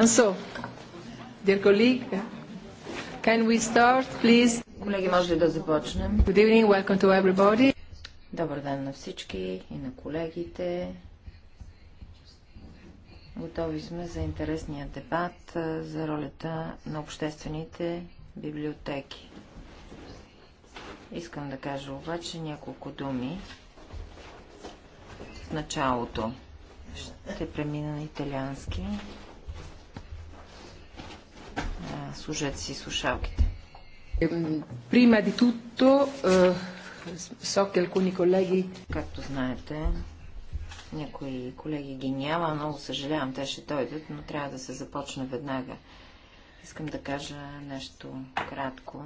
And so, dear colleague, can we start, please? Колеги, може ли да започнем? Good evening, welcome to everybody. Добър ден на всички и на колегите. Готови сме за интересния дебат за ролята на обществените библиотеки. Искам да кажа обаче няколко думи в началото. Ще премина на италиански. служете си слушалките. Прима ди тутто, со келкуни колеги... Както знаете, някои колеги ги няма, много съжалявам, те ще дойдат, но трябва да се започне веднага. Искам да кажа нещо кратко,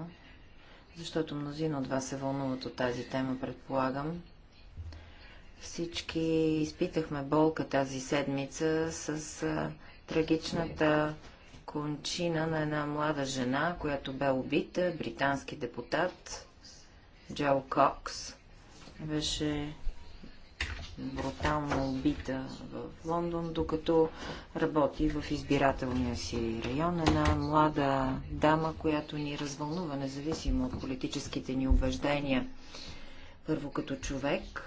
защото мнозина от вас се вълнуват от тази тема, предполагам. Всички изпитахме болка тази седмица с трагичната кончина на една млада жена, която бе убита, британски депутат Джо Кокс. Беше брутално убита в Лондон, докато работи в избирателния си район. Една млада дама, която ни развълнува, независимо от политическите ни убеждения. Първо като човек,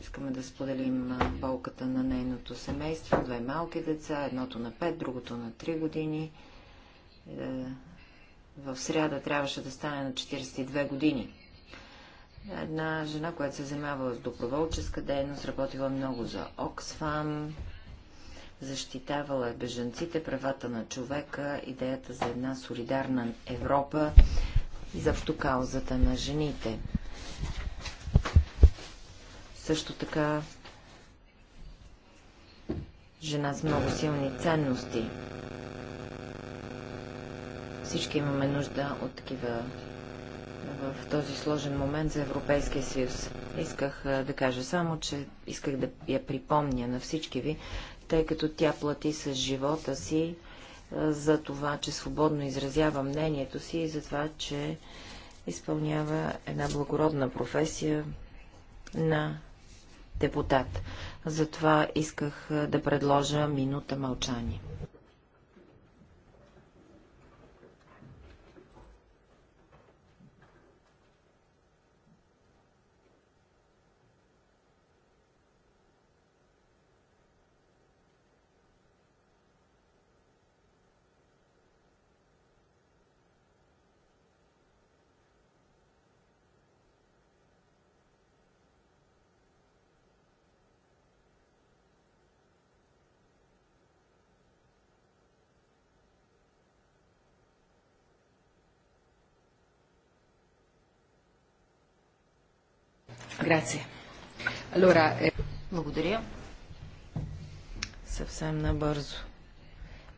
Искаме да споделим болката на нейното семейство, две малки деца, едното на 5, другото на 3 години. Е, в сряда трябваше да стане на 42 години. Една жена, която се занимава с доброволческа дейност, работила много за Оксфам, защитавала е бежанците, правата на човека, идеята за една солидарна Европа, и за каузата на жените. Също така жена с много силни ценности. Всички имаме нужда от такива в този сложен момент за Европейския съюз. Исках да кажа само, че исках да я припомня на всички ви, тъй като тя плати с живота си за това, че свободно изразява мнението си и за това, че изпълнява една благородна професия на депутат. Затова исках да предложа минута мълчание. Грация. Лора. Е... Благодаря. Съвсем набързо.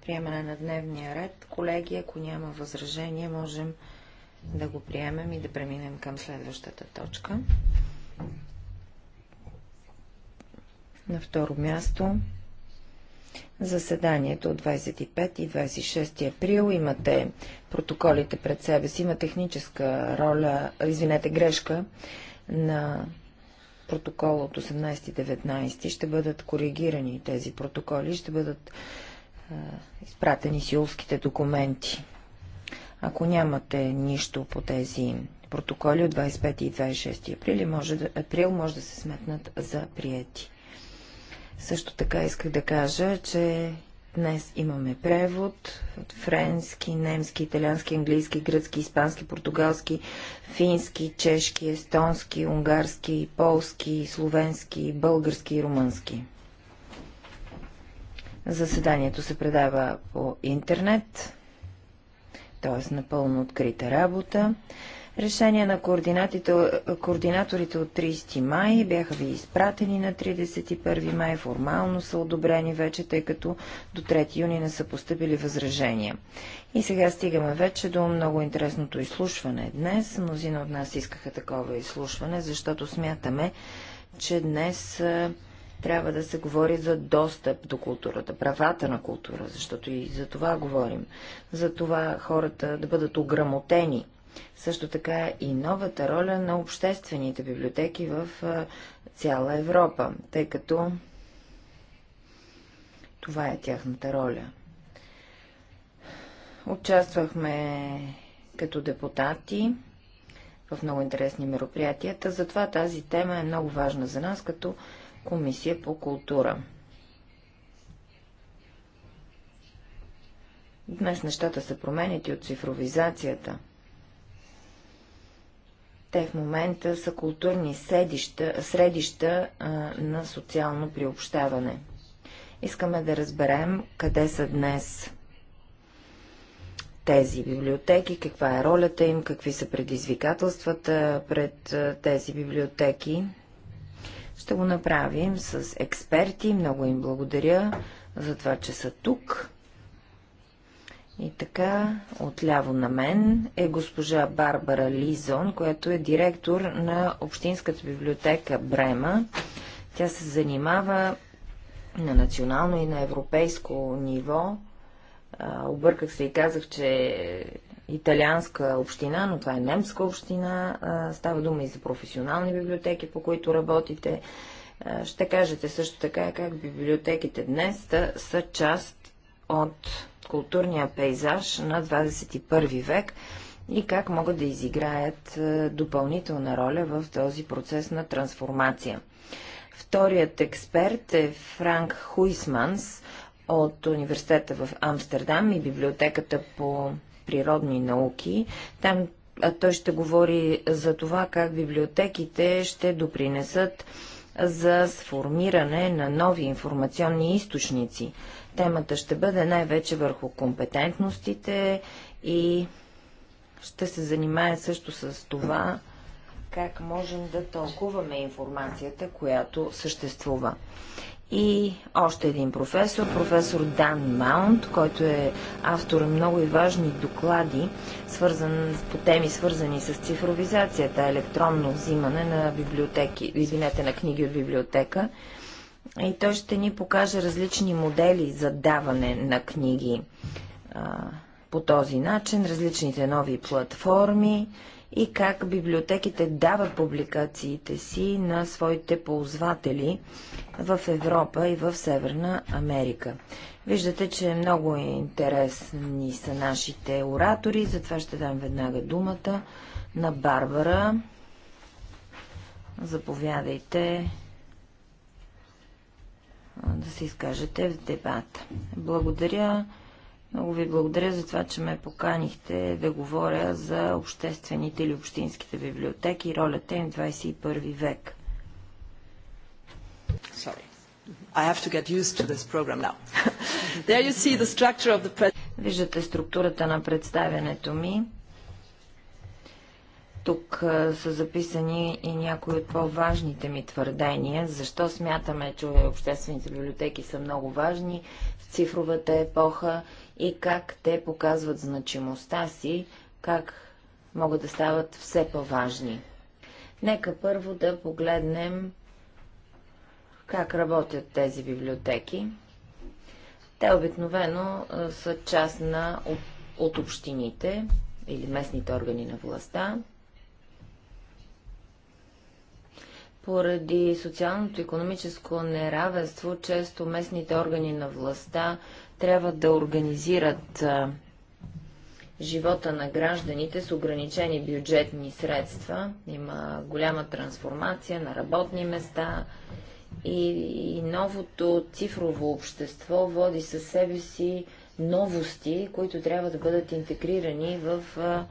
Приемане на дневния ред. Колеги, ако няма възражение, можем да го приемем и да преминем към следващата точка. На второ място заседанието от 25 и 26 април. Имате протоколите пред себе си. Има техническа роля, извинете, грешка на протокола от 18-19 ще бъдат коригирани тези протоколи, ще бъдат а, изпратени силските документи. Ако нямате нищо по тези протоколи от 25 и 26 април, може да, април може да се сметнат за приети. Също така исках да кажа, че Днес имаме превод от френски, немски, италиански, английски, гръцки, испански, португалски, фински, чешки, естонски, унгарски, полски, словенски, български и румънски. Заседанието се предава по интернет, т.е. напълно открита работа. Решения на координаторите от 30 май бяха ви изпратени на 31 май, формално са одобрени вече, тъй като до 3 юни не са поступили възражения. И сега стигаме вече до много интересното изслушване днес. Мнозина от нас искаха такова изслушване, защото смятаме, че днес трябва да се говори за достъп до културата, правата на култура, защото и за това говорим. За това хората да бъдат ограмотени – също така и новата роля на обществените библиотеки в цяла Европа, тъй като това е тяхната роля. Участвахме като депутати в много интересни мероприятията, затова тази тема е много важна за нас като Комисия по култура. Днес нещата се променят и от цифровизацията. Те в момента са културни седища, средища а, на социално приобщаване. Искаме да разберем къде са днес тези библиотеки, каква е ролята им, какви са предизвикателствата пред тези библиотеки. Ще го направим с експерти. Много им благодаря за това, че са тук. И така, отляво на мен е госпожа Барбара Лизон, която е директор на Общинската библиотека Брема. Тя се занимава на национално и на европейско ниво. обърках се и казах, че е италианска община, но това е немска община. става дума и за професионални библиотеки, по които работите. ще кажете също така как библиотеките днес са част от културния пейзаж на 21 век и как могат да изиграят е, допълнителна роля в този процес на трансформация. Вторият експерт е Франк Хуисманс от университета в Амстердам и библиотеката по природни науки. Там а той ще говори за това как библиотеките ще допринесат за сформиране на нови информационни източници, Темата ще бъде най-вече върху компетентностите и ще се занимае също с това, как можем да тълкуваме информацията, която съществува. И още един професор, професор Дан Маунт, който е автор на много и важни доклади свързан, по теми свързани с цифровизацията, електронно взимане на библиотеки, извинете, на книги от библиотека и той ще ни покаже различни модели за даване на книги а, по този начин, различните нови платформи и как библиотеките дават публикациите си на своите ползватели в Европа и в Северна Америка. Виждате, че много интересни са нашите оратори, затова ще дам веднага думата на Барбара. Заповядайте да се изкажете в дебата. Благодаря. Много ви благодаря за това, че ме поканихте да говоря за обществените или общинските библиотеки и ролята им в 21 век. Sorry. I have to get used to this program now. There you see the structure of the Виждате структурата на представянето ми. Тук са записани и някои от по-важните ми твърдения. Защо смятаме, че обществените библиотеки са много важни в цифровата епоха и как те показват значимостта си, как могат да стават все по-важни. Нека първо да погледнем как работят тези библиотеки. Те обикновено са част на, от, от общините или местните органи на властта. Поради социалното и економическо неравенство, често местните органи на властта трябва да организират а, живота на гражданите с ограничени бюджетни средства. Има голяма трансформация на работни места и, и новото цифрово общество води със себе си новости, които трябва да бъдат интегрирани в а,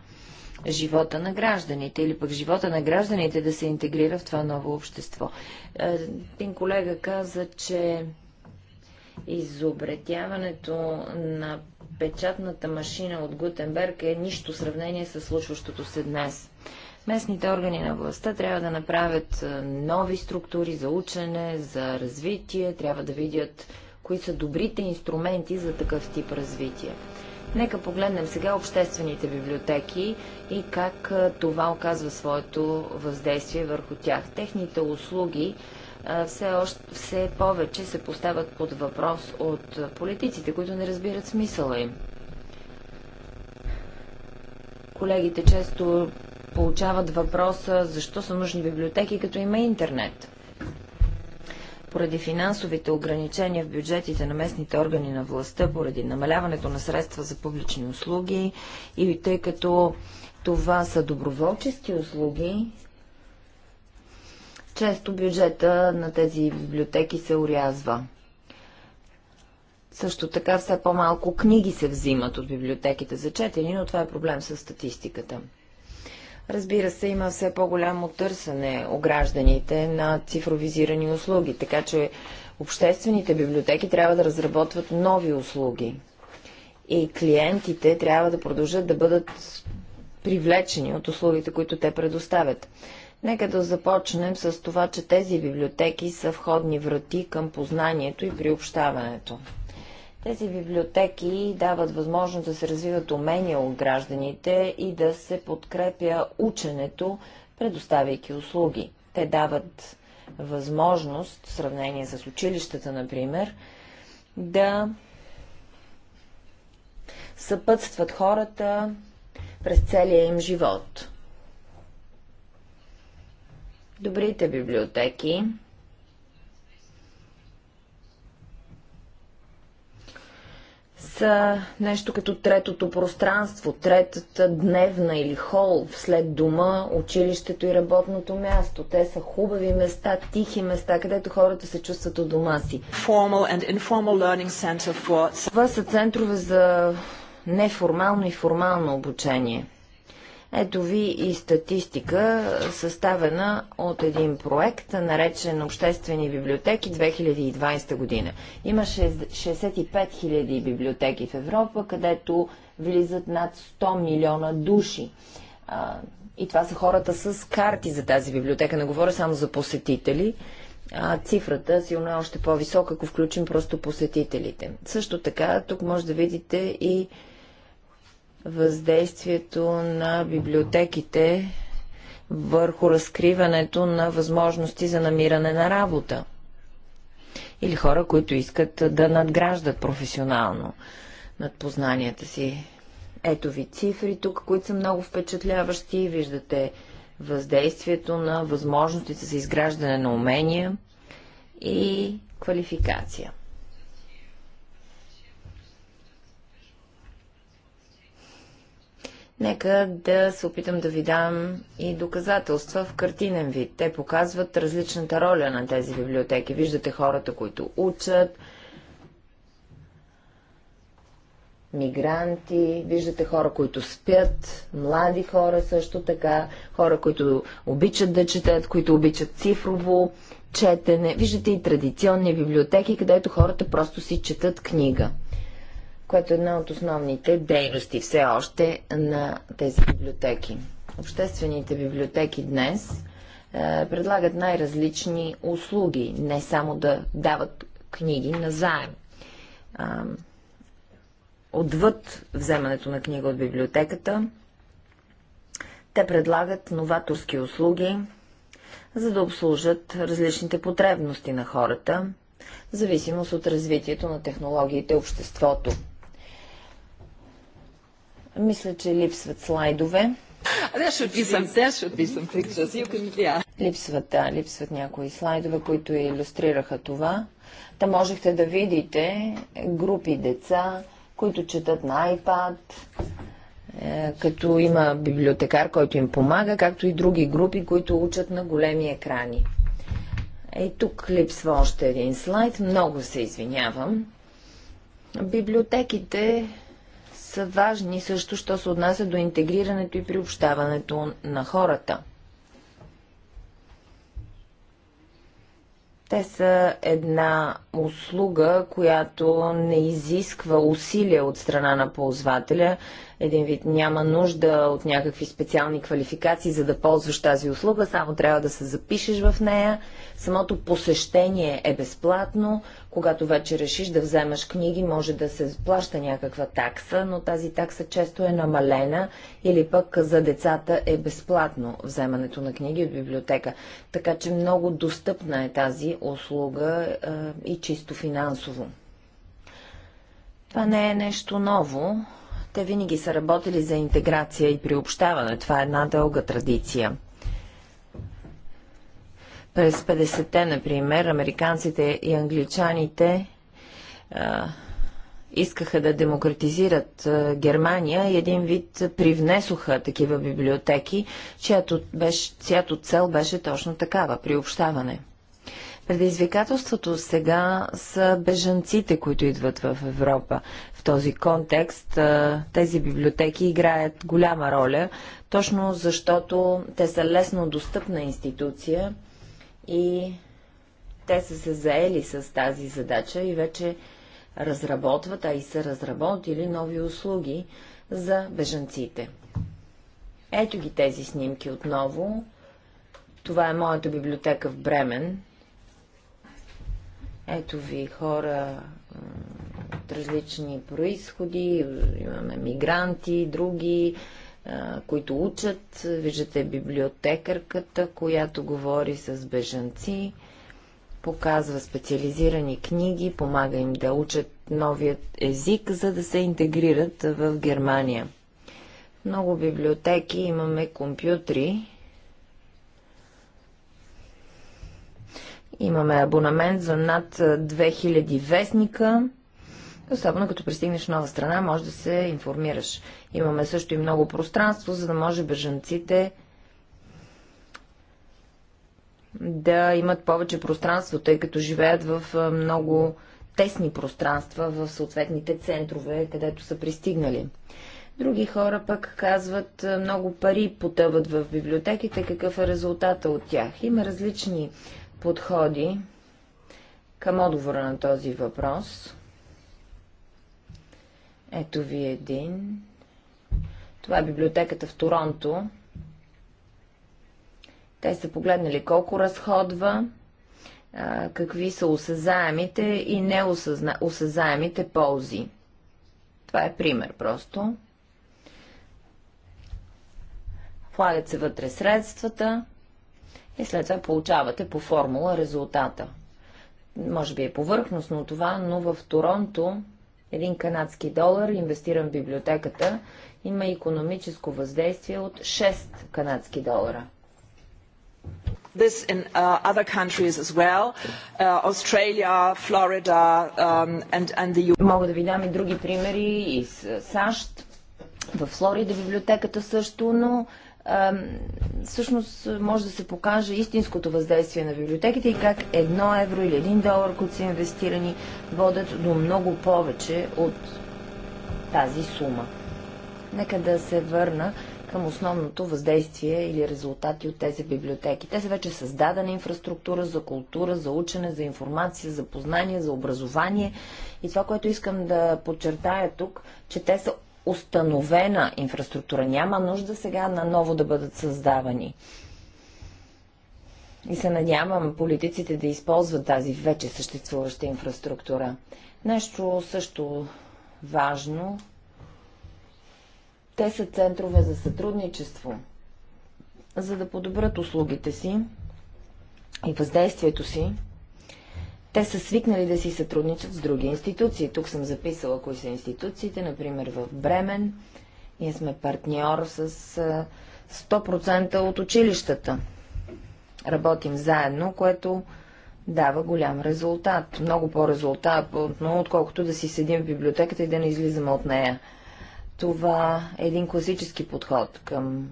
живота на гражданите или пък живота на гражданите да се интегрира в това ново общество. Е, един колега каза, че изобретяването на печатната машина от Гутенберг е нищо сравнение с случващото се днес. Местните органи на властта трябва да направят е, нови структури за учене, за развитие, трябва да видят кои са добрите инструменти за такъв тип развитие. Нека погледнем сега обществените библиотеки и как това оказва своето въздействие върху тях. Техните услуги все, още, все повече се поставят под въпрос от политиците, които не разбират смисъла им. Колегите често получават въпроса, защо са нужни библиотеки, като има интернет. Поради финансовите ограничения в бюджетите на местните органи на властта, поради намаляването на средства за публични услуги и тъй като това са доброволчески услуги, често бюджета на тези библиотеки се урязва. Също така все по-малко книги се взимат от библиотеките за четене, но това е проблем с статистиката. Разбира се, има все по-голямо търсене у гражданите на цифровизирани услуги, така че обществените библиотеки трябва да разработват нови услуги. И клиентите трябва да продължат да бъдат привлечени от услугите, които те предоставят. Нека да започнем с това, че тези библиотеки са входни врати към познанието и приобщаването. Тези библиотеки дават възможност да се развиват умения от гражданите и да се подкрепя ученето, предоставяйки услуги. Те дават възможност, в сравнение с училищата, например, да съпътстват хората през целия им живот. Добрите библиотеки са нещо като третото пространство, третата дневна или хол след дома, училището и работното място. Те са хубави места, тихи места, където хората се чувстват у дома си. For... Това са центрове за неформално и формално обучение. Ето ви и статистика, съставена от един проект, наречен Обществени библиотеки 2020 година. Има 65 000 библиотеки в Европа, където влизат над 100 милиона души. И това са хората с карти за тази библиотека. Не говоря само за посетители. А цифрата силно е още по-висока, ако включим просто посетителите. Също така, тук може да видите и въздействието на библиотеките върху разкриването на възможности за намиране на работа. Или хора, които искат да надграждат професионално над познанията си. Ето ви цифри тук, които са много впечатляващи. Виждате въздействието на възможностите за изграждане на умения и квалификация. Нека да се опитам да ви дам и доказателства в картинен вид. Те показват различната роля на тези библиотеки. Виждате хората, които учат, мигранти, виждате хора, които спят, млади хора също така, хора, които обичат да четат, които обичат цифрово четене. Виждате и традиционни библиотеки, където хората просто си четат книга което е една от основните дейности все още на тези библиотеки. Обществените библиотеки днес е, предлагат най-различни услуги, не само да дават книги на заем. Е, отвъд вземането на книга от библиотеката, те предлагат новаторски услуги, за да обслужат различните потребности на хората, в зависимост от развитието на технологиите и обществото. Мисля, че липсват слайдове. Липсват, да, липсват някои слайдове, които иллюстрираха това. Та можехте да видите групи деца, които четат на iPad, е, като има библиотекар, който им помага, както и други групи, които учат на големи екрани. Е, тук липсва още един слайд. Много се извинявам. Библиотеките са важни също, що се отнася до интегрирането и приобщаването на хората. Те са една услуга, която не изисква усилия от страна на ползвателя, един вид няма нужда от някакви специални квалификации, за да ползваш тази услуга, само трябва да се запишеш в нея. Самото посещение е безплатно. Когато вече решиш да вземаш книги, може да се плаща някаква такса, но тази такса често е намалена или пък за децата е безплатно вземането на книги от библиотека. Така че много достъпна е тази услуга и чисто финансово. Това не е нещо ново. Те винаги са работили за интеграция и приобщаване. Това е една дълга традиция. През 50-те, например, американците и англичаните а, искаха да демократизират Германия и един вид привнесоха такива библиотеки, чиято, беше, чиято цел беше точно такава – приобщаване. Предизвикателството сега са бежанците, които идват в Европа този контекст тези библиотеки играят голяма роля, точно защото те са лесно достъпна институция и те са се заели с тази задача и вече разработват, а и са разработили нови услуги за бежанците. Ето ги тези снимки отново. Това е моята библиотека в Бремен. Ето ви хора различни происходи, имаме мигранти, други, които учат. Виждате библиотекарката, която говори с бежанци, показва специализирани книги, помага им да учат новият език, за да се интегрират в Германия. В много библиотеки имаме компютри, Имаме абонамент за над 2000 вестника Особено като пристигнеш в нова страна, може да се информираш. Имаме също и много пространство, за да може бежанците да имат повече пространство, тъй като живеят в много тесни пространства в съответните центрове, където са пристигнали. Други хора пък казват, много пари потъват в библиотеките, какъв е резултата от тях. Има различни подходи към отговора на този въпрос. Ето ви един. Това е библиотеката в Торонто. Те са погледнали колко разходва, какви са осъзаемите и неосъзаемите ползи. Това е пример просто. Влагат се вътре средствата и след това получавате по формула резултата. Може би е повърхностно това, но в Торонто един канадски долар, инвестиран в библиотеката, има економическо въздействие от 6 канадски долара. This in uh, other countries as well, uh, Australia, Florida um, and, and the Мога да ви дам и други примери из uh, САЩ. В Флорида библиотеката също, но uh, всъщност може да се покаже истинското въздействие на библиотеките и как едно евро или един долар, които са инвестирани, водят до много повече от тази сума. Нека да се върна към основното въздействие или резултати от тези библиотеки. Те са вече създадена инфраструктура за култура, за учене, за информация, за познание, за образование. И това, което искам да подчертая тук, че те са установена инфраструктура. Няма нужда сега наново да бъдат създавани. И се надявам политиците да използват тази вече съществуваща инфраструктура. Нещо също важно. Те са центрове за сътрудничество. За да подобрят услугите си и въздействието си, те са свикнали да си сътрудничат с други институции. Тук съм записала кои са институциите, например в Бремен. Ние сме партньор с 100% от училищата. Работим заедно, което дава голям резултат. Много по-резултат, отколкото да си седим в библиотеката и да не излизаме от нея. Това е един класически подход към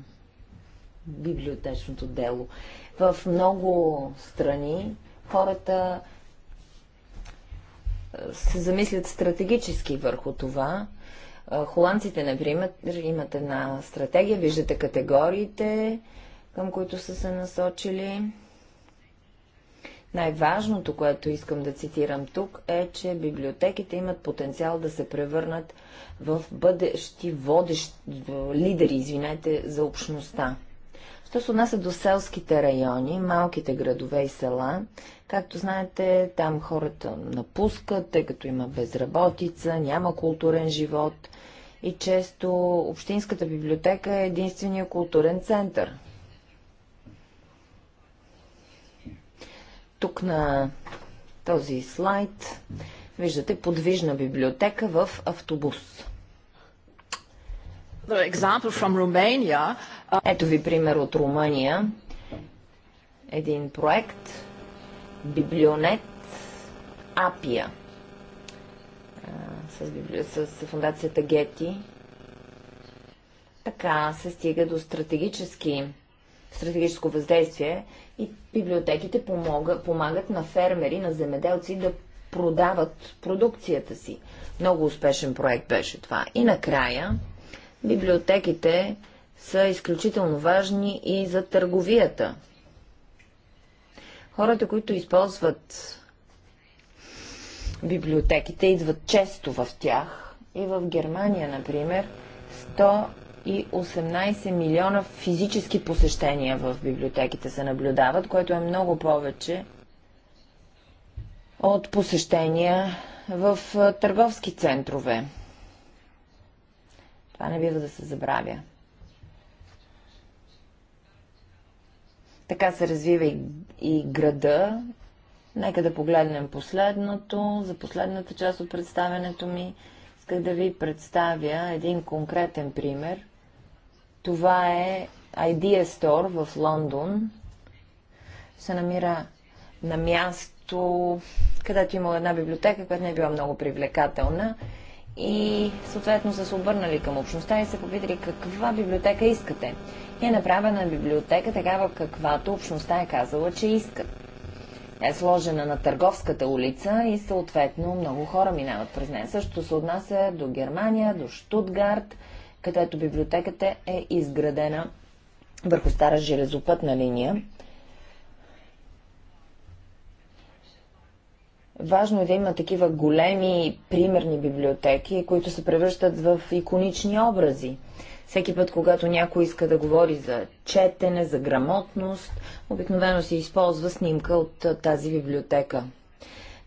библиотечното дело. В много страни хората се замислят стратегически върху това. Холандците, например, имат една стратегия, виждате категориите, към които са се насочили. Най-важното, което искам да цитирам тук, е, че библиотеките имат потенциал да се превърнат в бъдещи водещи лидери, извинете, за общността. Що се отнася до селските райони, малките градове и села, както знаете, там хората напускат, тъй като има безработица, няма културен живот и често общинската библиотека е единствения културен център. Тук на този слайд виждате подвижна библиотека в автобус. Uh, Ето ви пример от Румъния. Един проект Библионет Апия с, библи... с фундацията Гети. Така се стига до стратегически стратегическо въздействие и библиотеките помога, помагат на фермери, на земеделци да продават продукцията си. Много успешен проект беше това. И накрая Библиотеките са изключително важни и за търговията. Хората, които използват библиотеките, идват често в тях. И в Германия, например, 118 милиона физически посещения в библиотеките се наблюдават, което е много повече от посещения в търговски центрове. Това не бива да се забравя. Така се развива и, и града. Нека да погледнем последното, за последната част от представянето ми. Исках да ви представя един конкретен пример. Това е Idea Store в Лондон. Се намира на място, където има една библиотека, която не е била много привлекателна и съответно са се обърнали към общността и са попитали каква библиотека искате. И е направена библиотека такава, каквато общността е казала, че искат. е сложена на търговската улица и съответно много хора минават през нея. Същото се отнася до Германия, до Штутгарт, където библиотеката е изградена върху стара железопътна линия Важно е да има такива големи примерни библиотеки, които се превръщат в иконични образи. Всеки път, когато някой иска да говори за четене, за грамотност, обикновено се използва снимка от тази библиотека.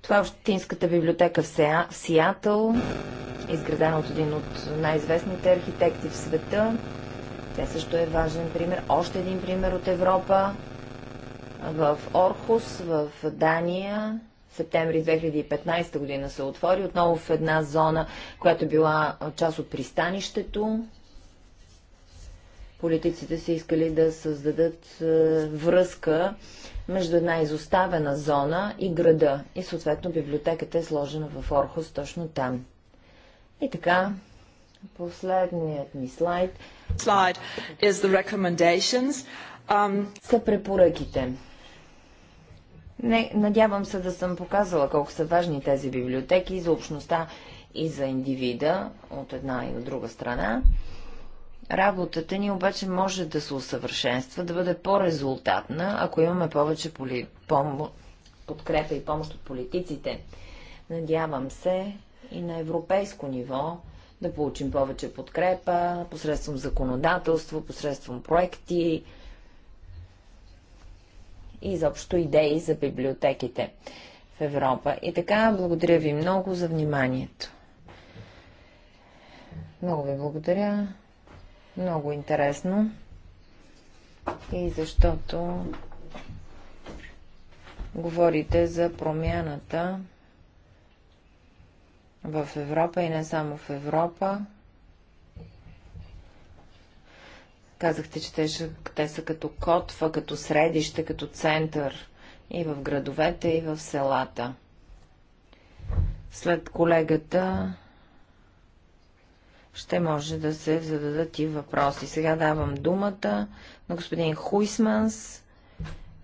Това е Общинската библиотека в, Сеа, в Сиатъл, изградена от един от най-известните архитекти в света. Тя също е важен пример. Още един пример от Европа. В Орхус, в Дания, септември 2015 година се отвори, отново в една зона, която била част от пристанището. Политиците са искали да създадат е, връзка между една изоставена зона и града. И съответно библиотеката е сложена в Орхос точно там. И така, последният ми слайд. Слайд um... са препоръките. Не, надявам се да съм показала колко са важни тези библиотеки и за общността и за индивида от една и от друга страна. Работата ни обаче може да се усъвършенства, да бъде по-резултатна, ако имаме повече поли... пом... подкрепа и помощ от политиците. Надявам се и на европейско ниво да получим повече подкрепа, посредством законодателство, посредством проекти, и изобщо идеи за библиотеките в Европа. И така, благодаря ви много за вниманието. Много ви благодаря. Много интересно. И защото говорите за промяната в Европа и не само в Европа, Казахте, че те, ще, те са като котва, като средище, като център и в градовете, и в селата. След колегата ще може да се зададат и въпроси. Сега давам думата на господин Хуисманс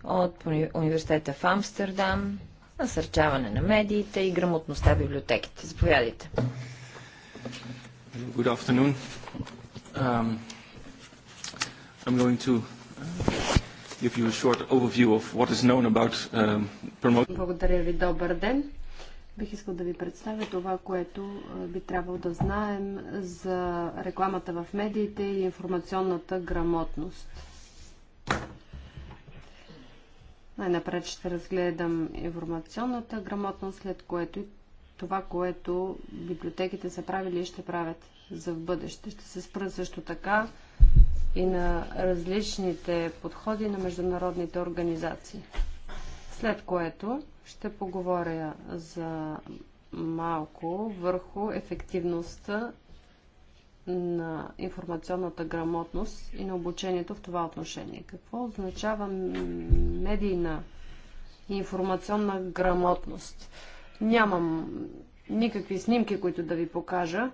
от университета в Амстердам, насърчаване на медиите и грамотността в библиотеките. Заповядайте. Good afternoon. Um, I'm going to uh, give you a short overview of what is known about um, promotion. Благодаря ви, добър ден. Бих искал да ви представя това, което би трябвало да знаем за рекламата в медиите и информационната грамотност. Най-напред ще разгледам информационната грамотност, след което и това, което библиотеките са правили и ще правят за в бъдеще. Ще се спра също така и на различните подходи на международните организации. След което ще поговоря за малко върху ефективността на информационната грамотност и на обучението в това отношение. Какво означава медийна и информационна грамотност? Нямам никакви снимки, които да ви покажа,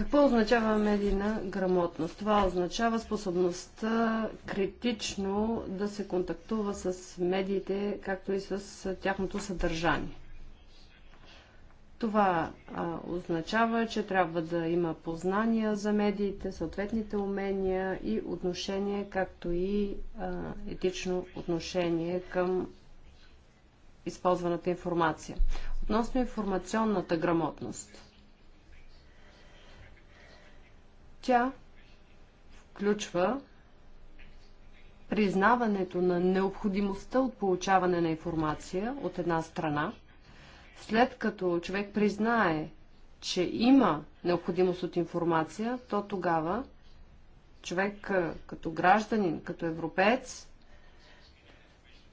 Какво означава медийна грамотност? Това означава способността критично да се контактува с медиите, както и с тяхното съдържание. Това а, означава, че трябва да има познания за медиите, съответните умения и отношение, както и а, етично отношение към използваната информация. Относно информационната грамотност – Тя включва признаването на необходимостта от получаване на информация от една страна, след като човек признае, че има необходимост от информация, то тогава човек като гражданин, като европеец,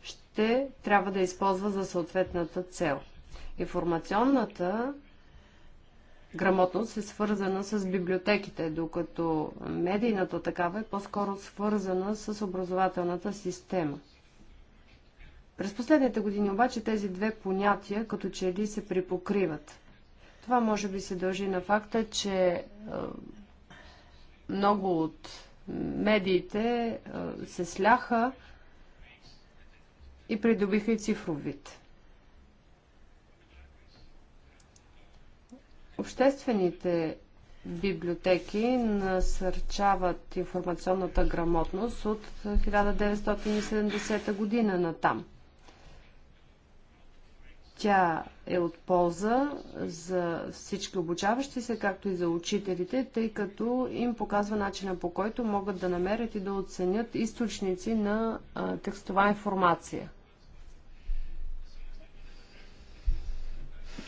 ще трябва да използва за съответната цел. Информационната грамотност е свързана с библиотеките, докато медийната такава е по-скоро свързана с образователната система. През последните години обаче тези две понятия като че ли се припокриват. Това може би се дължи на факта, че е, много от медиите е, се сляха и придобиха и цифров вид. Обществените библиотеки насърчават информационната грамотност от 1970 година на там. Тя е от полза за всички обучаващи се, както и за учителите, тъй като им показва начина по който могат да намерят и да оценят източници на текстова информация.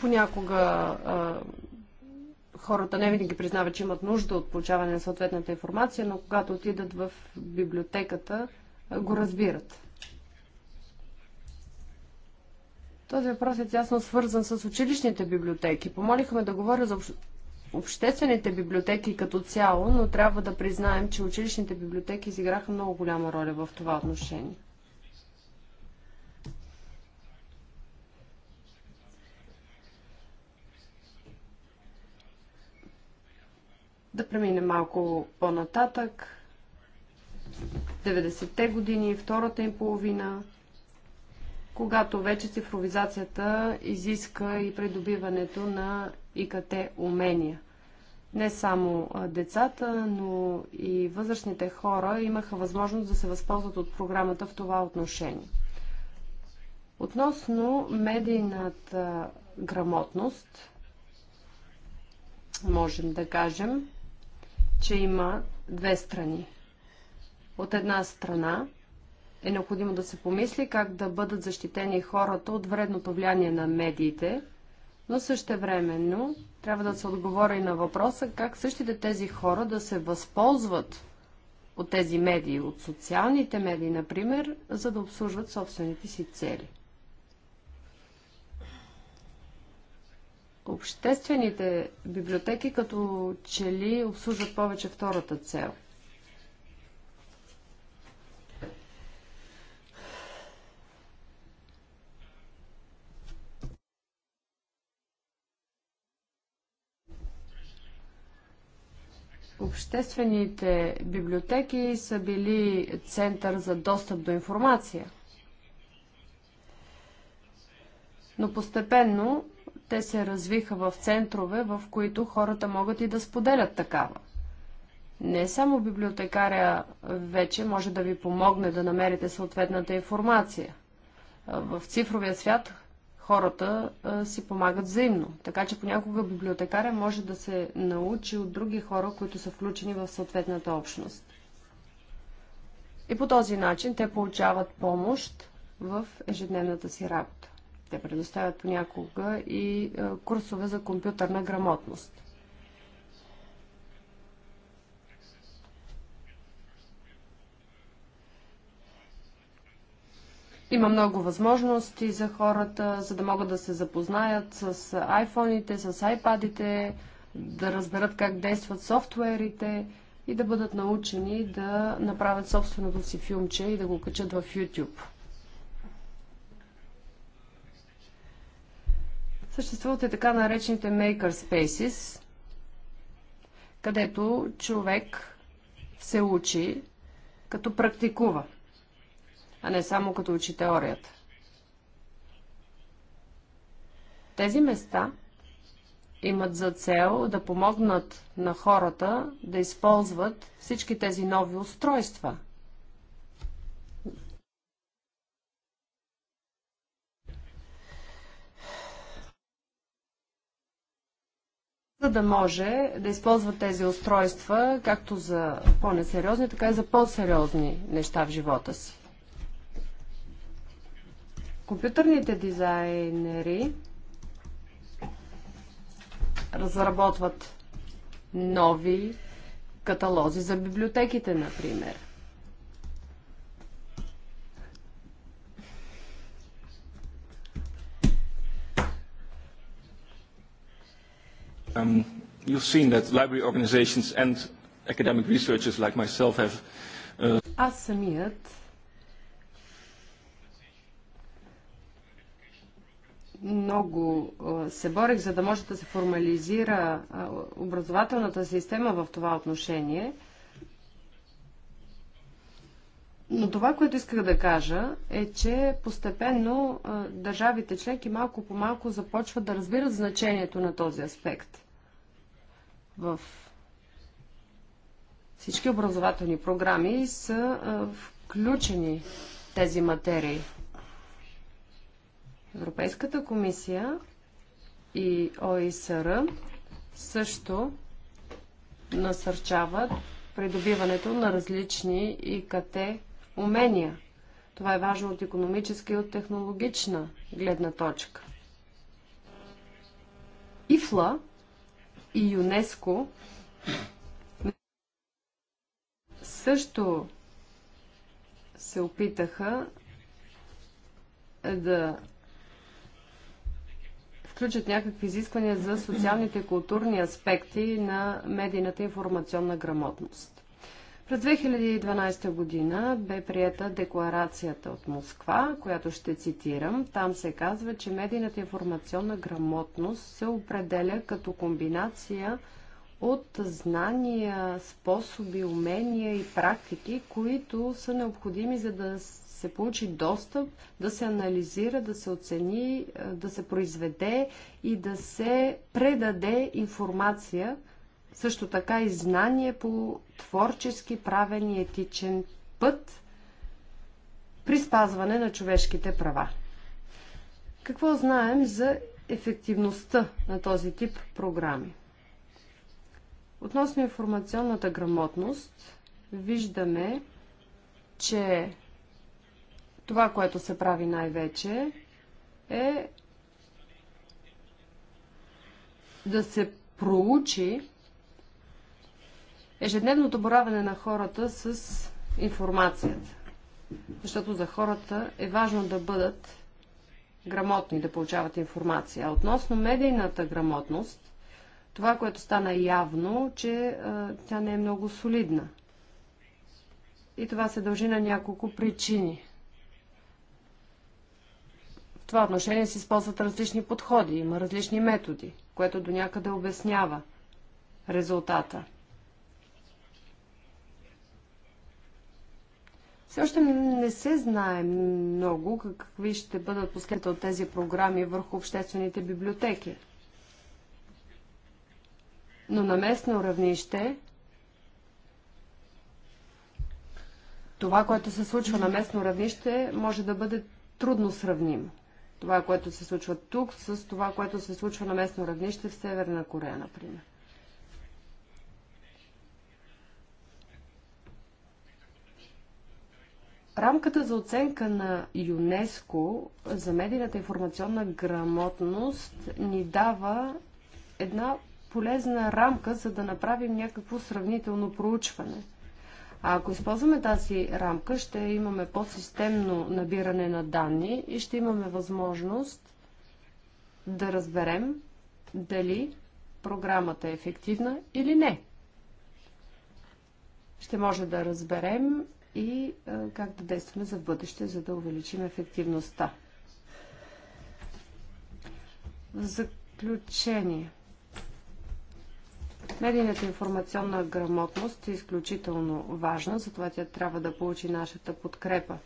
Понякога а, хората не винаги признават, че имат нужда от получаване на съответната информация, но когато отидат в библиотеката, го разбират. Този въпрос е тясно свързан с училищните библиотеки. Помолихме да говоря за обществените библиотеки като цяло, но трябва да признаем, че училищните библиотеки изиграха много голяма роля в това отношение. Да преминем малко по-нататък. 90-те години, втората им половина, когато вече цифровизацията изиска и придобиването на ИКТ умения. Не само децата, но и възрастните хора имаха възможност да се възползват от програмата в това отношение. Относно медийната грамотност, можем да кажем, че има две страни. От една страна е необходимо да се помисли как да бъдат защитени хората от вредното влияние на медиите, но същевременно трябва да се отговори на въпроса как същите тези хора да се възползват от тези медии, от социалните медии, например, за да обслужват собствените си цели. Обществените библиотеки като че ли обслужват повече втората цел. Обществените библиотеки са били център за достъп до информация. Но постепенно те се развиха в центрове, в които хората могат и да споделят такава. Не само библиотекаря вече може да ви помогне да намерите съответната информация. В цифровия свят хората си помагат взаимно. Така че понякога библиотекаря може да се научи от други хора, които са включени в съответната общност. И по този начин те получават помощ в ежедневната си работа. Те предоставят понякога и е, курсове за компютърна грамотност. Има много възможности за хората, за да могат да се запознаят с айфоните, с айпадите, да разберат как действат софтуерите и да бъдат научени да направят собственото си филмче и да го качат в YouTube. съществуват и така наречените maker spaces, където човек се учи като практикува, а не само като учи теорията. Тези места имат за цел да помогнат на хората да използват всички тези нови устройства – за да може да използват тези устройства както за по-несериозни, така и за по-сериозни неща в живота си. Компютърните дизайнери разработват нови каталози за библиотеките, например. Um, you've seen that library organizations and academic researchers like myself have uh... Аз самият много се борих, за да може да се формализира uh, образователната система в това отношение – но това, което исках да кажа, е, че постепенно държавите членки малко по малко започват да разбират значението на този аспект. В всички образователни програми са включени тези материи. Европейската комисия и ОИСР също насърчават придобиването на различни ИКТ умения. Това е важно от економическа и от технологична гледна точка. ИФЛА и ЮНЕСКО също се опитаха да включат някакви изисквания за социалните и културни аспекти на медийната информационна грамотност. През 2012 година бе приета декларацията от Москва, която ще цитирам. Там се казва, че медийната информационна грамотност се определя като комбинация от знания, способи, умения и практики, които са необходими за да се получи достъп, да се анализира, да се оцени, е, да се произведе и да се предаде информация – също така и знание по творчески правен и етичен път при спазване на човешките права. Какво знаем за ефективността на този тип програми? Относно информационната грамотност, виждаме, че това, което се прави най-вече е да се проучи ежедневното боравене на хората с информацията. Защото за хората е важно да бъдат грамотни, да получават информация. А относно медийната грамотност, това, което стана явно, че а, тя не е много солидна. И това се дължи на няколко причини. В това отношение се използват различни подходи, има различни методи, което до някъде обяснява резултата. Все още не се знае много какви ще бъдат последните от тези програми върху обществените библиотеки. Но на местно равнище това, което се случва на местно равнище, може да бъде трудно сравнимо. Това, което се случва тук, с това, което се случва на местно равнище в Северна Корея, например. Рамката за оценка на ЮНЕСКО за медийната информационна грамотност ни дава една полезна рамка, за да направим някакво сравнително проучване. А ако използваме тази рамка, ще имаме по-системно набиране на данни и ще имаме възможност да разберем дали програмата е ефективна или не. Ще може да разберем и как да действаме за бъдеще, за да увеличим ефективността. В заключение. Медийната информационна грамотност е изключително важна, затова тя трябва да получи нашата подкрепа.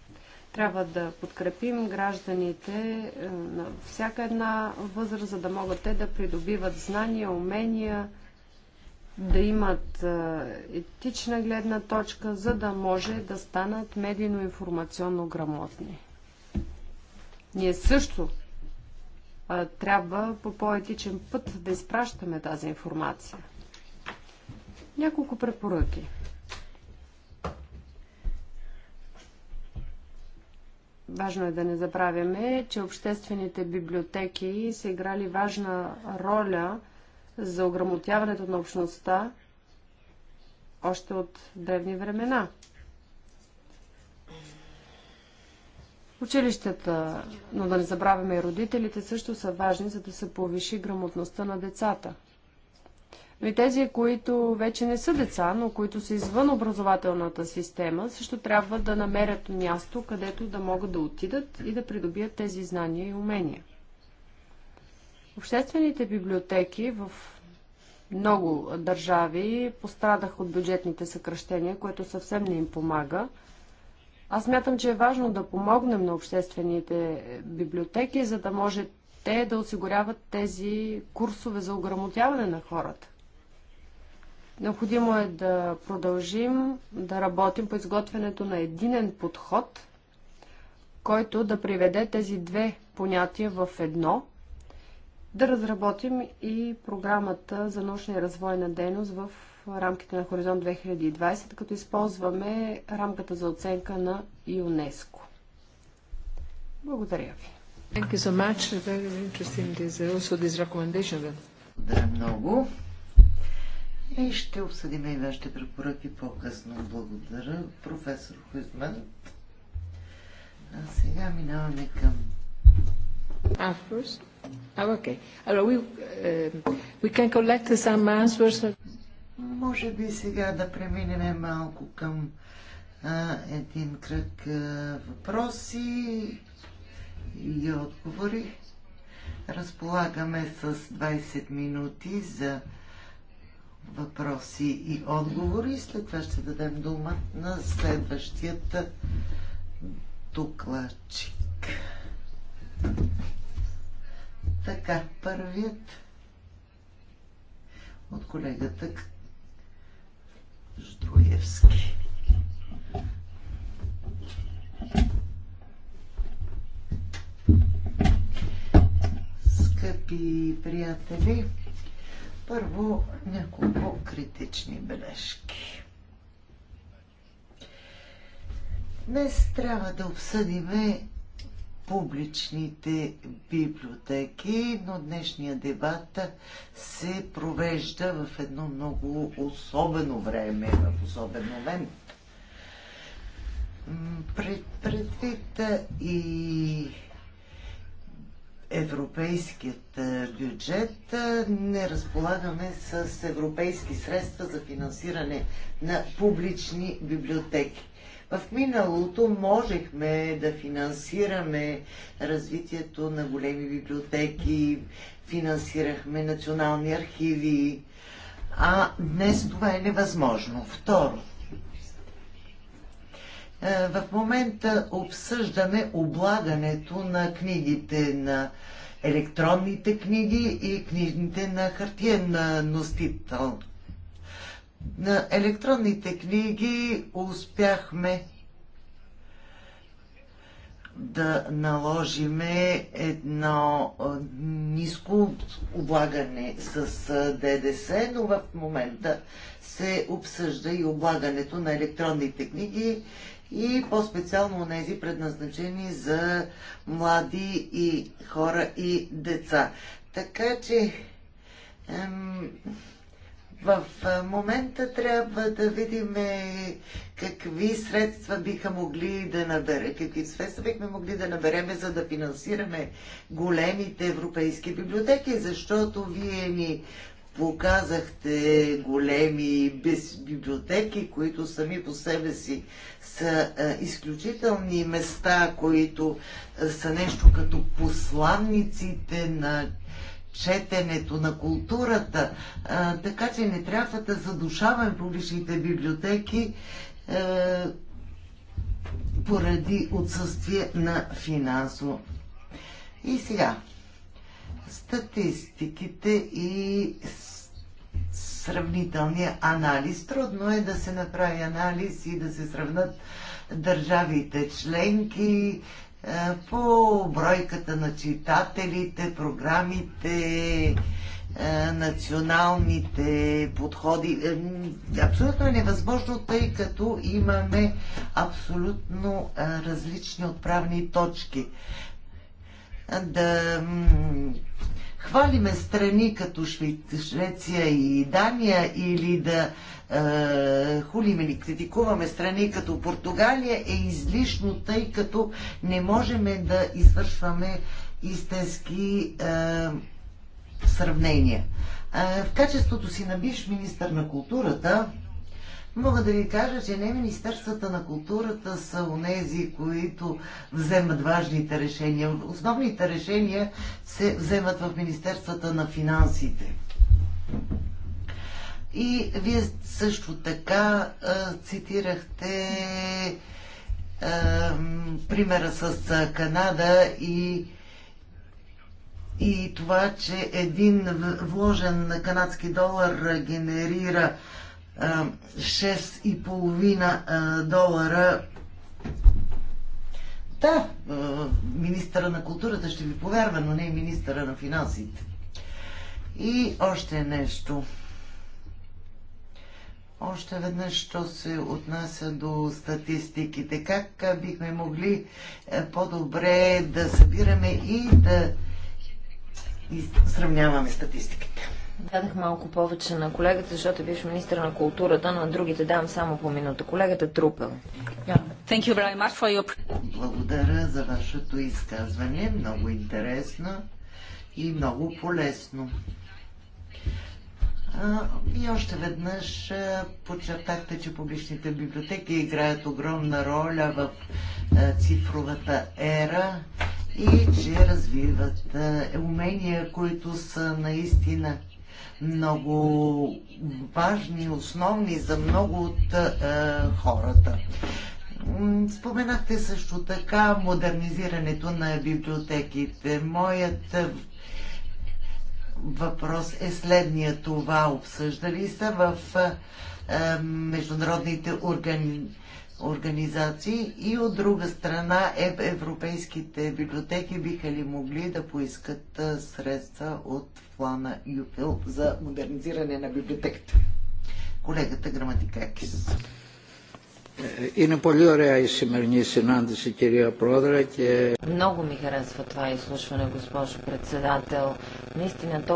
Трябва да подкрепим гражданите е, на всяка една възраст, за да могат те да придобиват знания, умения, да имат етична гледна точка, за да може да станат медийно-информационно грамотни. Ние също а, трябва по по-етичен път да изпращаме тази информация. Няколко препоръки. Важно е да не забравяме, че обществените библиотеки са играли важна роля – за ограмотяването на общността още от древни времена. Училищата, но да не забравяме и родителите, също са важни, за да се повиши грамотността на децата. Но и тези, които вече не са деца, но които са извън образователната система, също трябва да намерят място, където да могат да отидат и да придобият тези знания и умения. Обществените библиотеки в много държави пострадах от бюджетните съкръщения, което съвсем не им помага. Аз мятам, че е важно да помогнем на обществените библиотеки, за да може те да осигуряват тези курсове за ограмотяване на хората. Необходимо е да продължим да работим по изготвянето на единен подход, който да приведе тези две понятия в едно – да разработим и програмата за научна и развойна дейност в рамките на Хоризонт 2020, като използваме рамката за оценка на ЮНЕСКО. Благодаря ви. Thank you so much. Very interesting this, uh, also this recommendation Благодаря много. И ще обсъдим и вашите препоръки по-късно. Благодаря, професор Хуизмен. А сега минаваме към... А, first? Ah, okay. we, uh, we can collect some answers. Може би сега да преминем малко към а, един кръг а, въпроси и отговори. Разполагаме с 20 минути за въпроси и отговори. След това ще дадем дума на следващият докладчик. Така, първият от колегата Ждруевски. Скъпи приятели, първо няколко критични бележки. Днес трябва да обсъдиме публичните библиотеки, но днешния дебат се провежда в едно много особено време, в особен момент. Пред, предвид и европейският бюджет, не разполагаме с европейски средства за финансиране на публични библиотеки. В миналото можехме да финансираме развитието на големи библиотеки, финансирахме национални архиви, а днес това е невъзможно. Второ, е, в момента обсъждаме облагането на книгите на електронните книги и книгите на хартиен носител на електронните книги успяхме да наложиме едно ниско облагане с ДДС, но в момента се обсъжда и облагането на електронните книги и по-специално тези предназначени за млади и хора и деца. Така че ем, в момента трябва да видим е, какви средства биха могли да набере, какви средства бихме могли да наберем, за да финансираме големите европейски библиотеки, защото вие ни показахте големи библиотеки, които сами по себе си са изключителни места, които са нещо като посланниците на четенето, на културата, а, така че не трябва да задушаваме публичните библиотеки а, е, поради отсъствие на финансово. И сега, статистиките и сравнителния анализ. Трудно е да се направи анализ и да се сравнат държавите членки, е, по бройката на читателите, програмите, е, националните подходи. Е, абсолютно е невъзможно, тъй като имаме абсолютно различни отправни точки. Да хвалиме страни като Швеция и Дания или да е, хулим или критикуваме страни като Португалия е излишно, тъй като не можем да извършваме истински е, сравнения. Е, в качеството си на бивш министър на културата, Мога да ви кажа, че не Министерствата на културата са онези, които вземат важните решения. Основните решения се вземат в Министерствата на финансите. И вие също така а, цитирахте а, примера с Канада и, и това, че един вложен канадски долар генерира 6,5 долара. Да, министъра на културата ще ви повярва, но не и министъра на финансите. И още нещо. Още веднъж, що се отнася до статистиките, как бихме могли е, по-добре да събираме и да и сравняваме статистиките. Дадах малко повече на колегата, защото е бивш министър на културата, но на другите давам само по минута. Колегата Трупел. Yeah. Your... Благодаря за вашето изказване. Много интересно и много полезно. И още веднъж подчертахте, че публичните библиотеки играят огромна роля в цифровата ера и че развиват умения, които са наистина много важни, основни за много от хората. Споменахте също така модернизирането на библиотеките. Моят въпрос е следния. Това обсъждали са в е, международните органи, организации и от друга страна е, европейските библиотеки биха ли могли да поискат е, средства от плана ЮПИЛ за модернизиране на библиотеката. Колегата Граматикакис. Είναι πολύ ωραία η σημερινή συνάντηση, κυρία Πρόεδρε. Και... Много ми харесва това изслушване, госпожо председател. Наистина то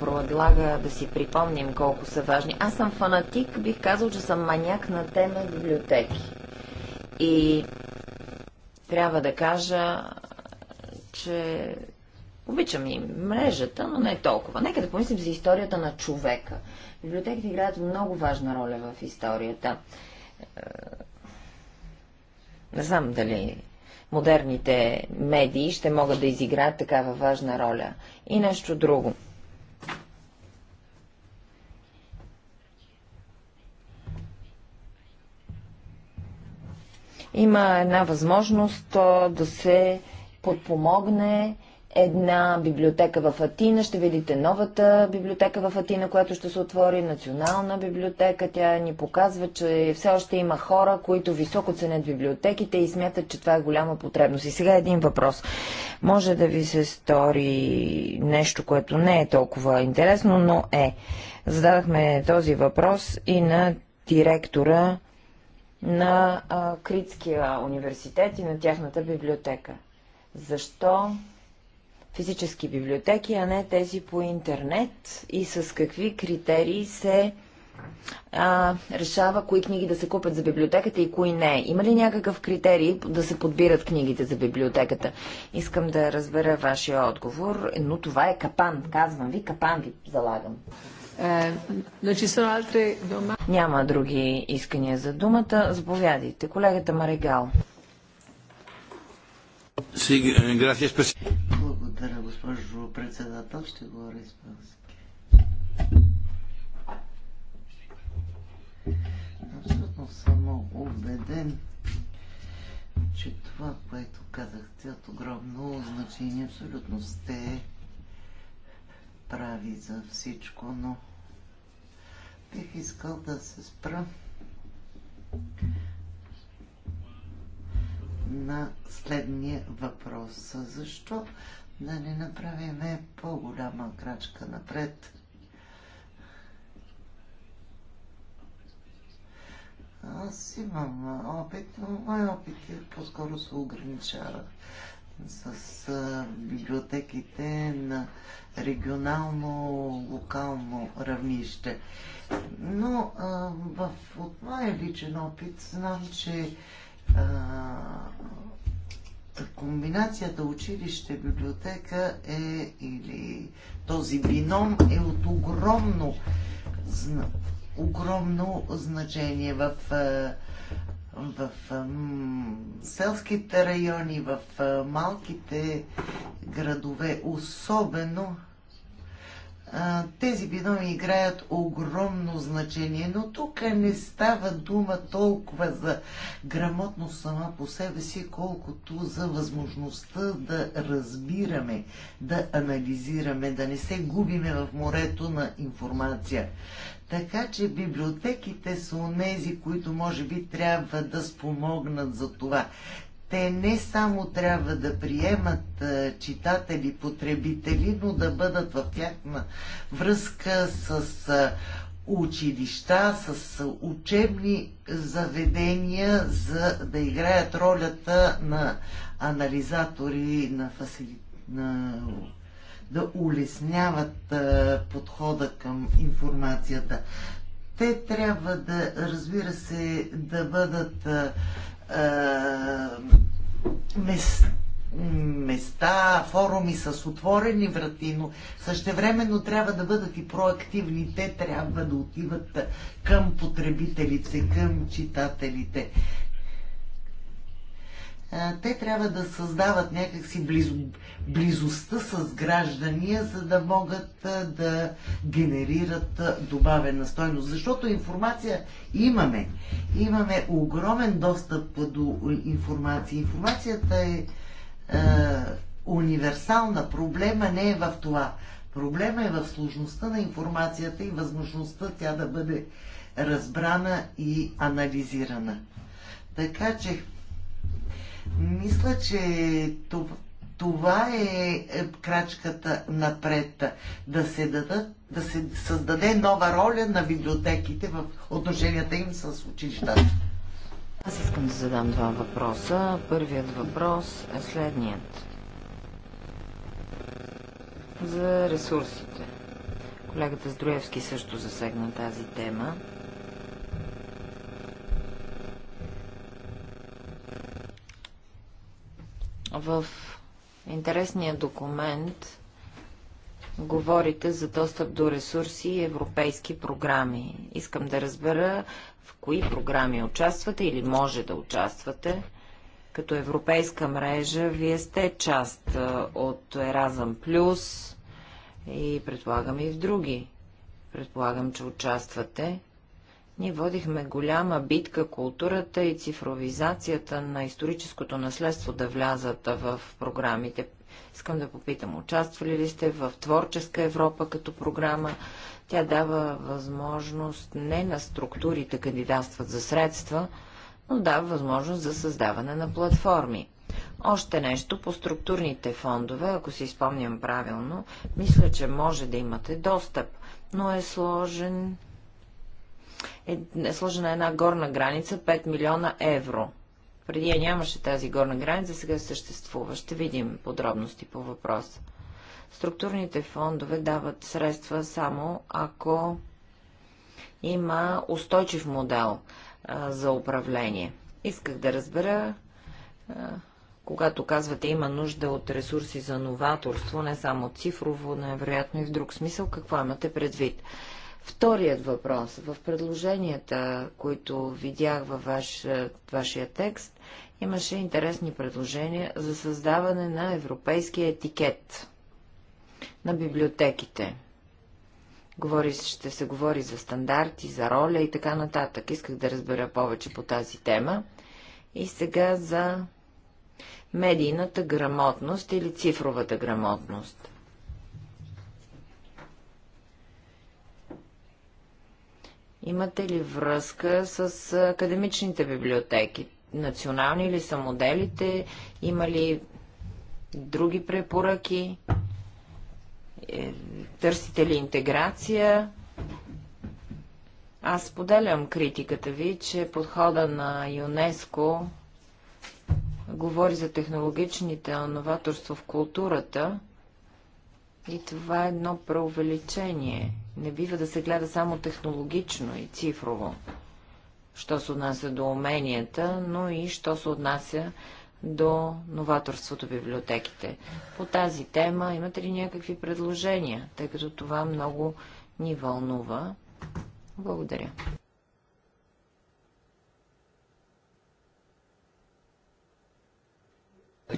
предлага да си припомним колко са важни. Аз съм фанатик, бих казал, че съм маняк на тема библиотеки. И трябва да кажа, че обичам и мрежата, но не толкова. Нека да помислим за историята на човека. Библиотеките играят много важна роля в историята. Е, не знам дали модерните медии ще могат да изиграят такава важна роля. И нещо друго. Има една възможност да се подпомогне една библиотека в Атина, ще видите новата библиотека в Атина, която ще се отвори, национална библиотека. Тя ни показва, че все още има хора, които високо ценят библиотеките и смятат, че това е голяма потребност. И сега един въпрос. Може да ви се стори нещо, което не е толкова интересно, но е. Зададахме този въпрос и на директора на а, Критския университет и на тяхната библиотека. Защо физически библиотеки, а не тези по интернет и с какви критерии се а, решава кои книги да се купят за библиотеката и кои не. Има ли някакъв критерий да се подбират книгите за библиотеката? Искам да разбера вашия отговор, но това е капан. Казвам ви, капан ви залагам. Е, значи Няма други искания за думата. Заповядайте, колегата Марегал. Благодаря, госпожо председател. Ще говоря испански. Абсолютно съм убеден, че това, което казахте, е от огромно значение. Абсолютно сте прави за всичко, но бих искал да се спра на следния въпрос. Защо да не направим по-голяма крачка напред? Аз имам опит, но мой опит е по-скоро се ограничава с библиотеките на регионално, локално равнище. Но а, в, от моя личен опит знам, че комбинацията училище-библиотека е или този бином е от огромно огромно значение в, в, в селските райони, в малките градове, особено тези биноми играят огромно значение, но тук не става дума толкова за грамотност сама по себе си, колкото за възможността да разбираме, да анализираме, да не се губиме в морето на информация. Така че библиотеките са онези, които може би трябва да спомогнат за това те не само трябва да приемат читатели, потребители, но да бъдат в тяхна връзка с училища, с учебни заведения, за да играят ролята на анализатори, на, фасили... на... да улесняват подхода към информацията. Те трябва да, разбира се, да бъдат е, места места, форуми с отворени врати, но същевременно трябва да бъдат и проактивни. Те трябва да отиват към потребителите, към читателите те трябва да създават някакси близо, близостта с граждания, за да могат да генерират добавена стойност. Защото информация имаме. Имаме огромен достъп до информация. Информацията е, е универсална. Проблема не е в това. Проблема е в сложността на информацията и възможността тя да бъде разбрана и анализирана. Така че мисля, че това, това е, е крачката напред. Да се, дадат, да се създаде нова роля на библиотеките в отношенията им с училищата. Аз искам да задам два въпроса. Първият въпрос е следният. За ресурсите. Колегата Здруевски също засегна тази тема. В интересния документ говорите за достъп до ресурси и европейски програми. Искам да разбера в кои програми участвате или може да участвате. Като европейска мрежа, вие сте част от Еразъм Плюс и предполагам и в други. Предполагам, че участвате. Ние водихме голяма битка културата и цифровизацията на историческото наследство да влязат в програмите. Искам да попитам, участвали ли сте в Творческа Европа като програма? Тя дава възможност не на структурите кандидатстват за средства, но дава възможност за създаване на платформи. Още нещо по структурните фондове, ако си изпомням правилно, мисля, че може да имате достъп, но е сложен е, е сложена една горна граница 5 милиона евро. Преди я нямаше тази горна граница, сега съществува. Ще видим подробности по въпроса. Структурните фондове дават средства само ако има устойчив модел а, за управление. Исках да разбера, а, когато казвате има нужда от ресурси за новаторство, не само цифрово, но е вероятно и в друг смисъл, какво имате предвид? Вторият въпрос. В предложенията, които видях във ваш, вашия текст, имаше интересни предложения за създаване на европейски етикет на библиотеките. Говори, ще се говори за стандарти, за роля и така нататък. Исках да разбера повече по тази тема. И сега за медийната грамотност или цифровата грамотност. Имате ли връзка с академичните библиотеки? Национални ли са моделите? Има ли други препоръки? Е, търсите ли интеграция? Аз поделям критиката ви, че подхода на ЮНЕСКО говори за технологичните новаторства в културата и това е едно преувеличение – не бива да се гледа само технологично и цифрово, що се отнася до уменията, но и що се отнася до новаторството в библиотеките. По тази тема имате ли някакви предложения, тъй като това много ни вълнува? Благодаря.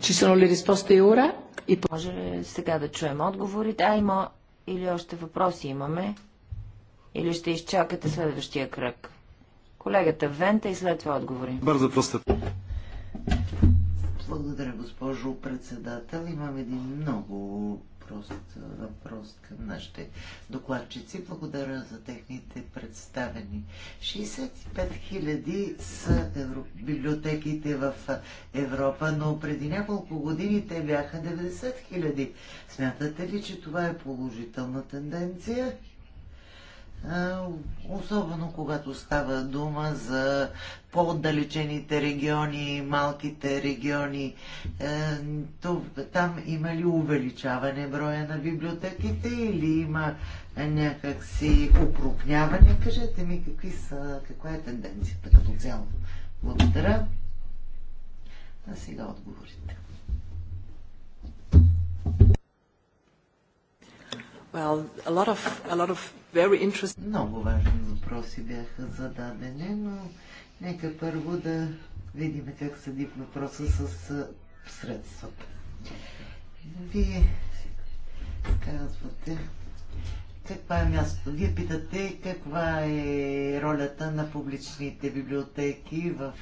Ci sono le risposte ora? И... Може сега да чуем отговорите? А, има или още въпроси имаме? Или ще изчакате следващия кръг? Колегата Вента и след това отговори. Бързо просто. Благодаря, госпожо председател. Имам един много въпрос, въпрос към нашите докладчици. Благодаря за техните представени. 65 000 са евро... библиотеките в Европа, но преди няколко години те бяха 90 000. Смятате ли, че това е положителна тенденция? особено когато става дума за по-отдалечените региони, малките региони. Е, там има ли увеличаване броя на библиотеките или има някакси укрупняване? Кажете ми какви са, каква е тенденцията като цяло. Благодаря. А сега отговорите. Well, a lot of, a lot of very interesting... Много важни въпроси бяха зададени, но нека първо да видим как седи въпроса с средствата. Вие казвате, каква е мястото? Вие питате каква е ролята на публичните библиотеки в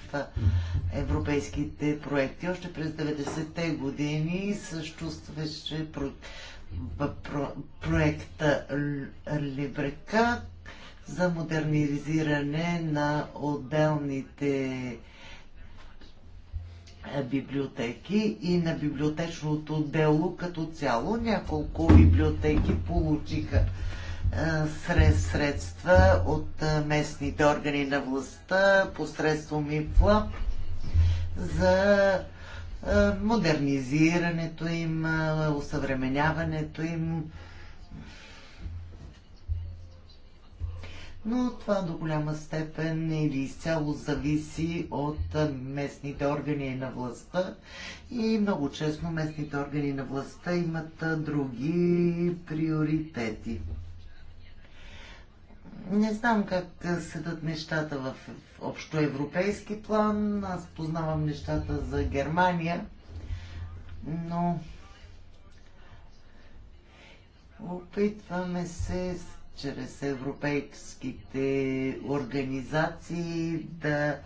европейските проекти. Още през 90-те години също беше проекта Либрека за модернизиране на отделните е, библиотеки и на библиотечното дело като цяло. Няколко библиотеки получиха е, сред средства от е, местните органи на властта посредством ИПЛА за е, модернизирането им, е, усъвременяването им. Но това до голяма степен или изцяло зависи от е, местните органи на властта и много честно местните органи на властта имат други приоритети. Не знам как седат нещата в общоевропейски план. Аз познавам нещата за Германия, но опитваме се чрез европейските организации да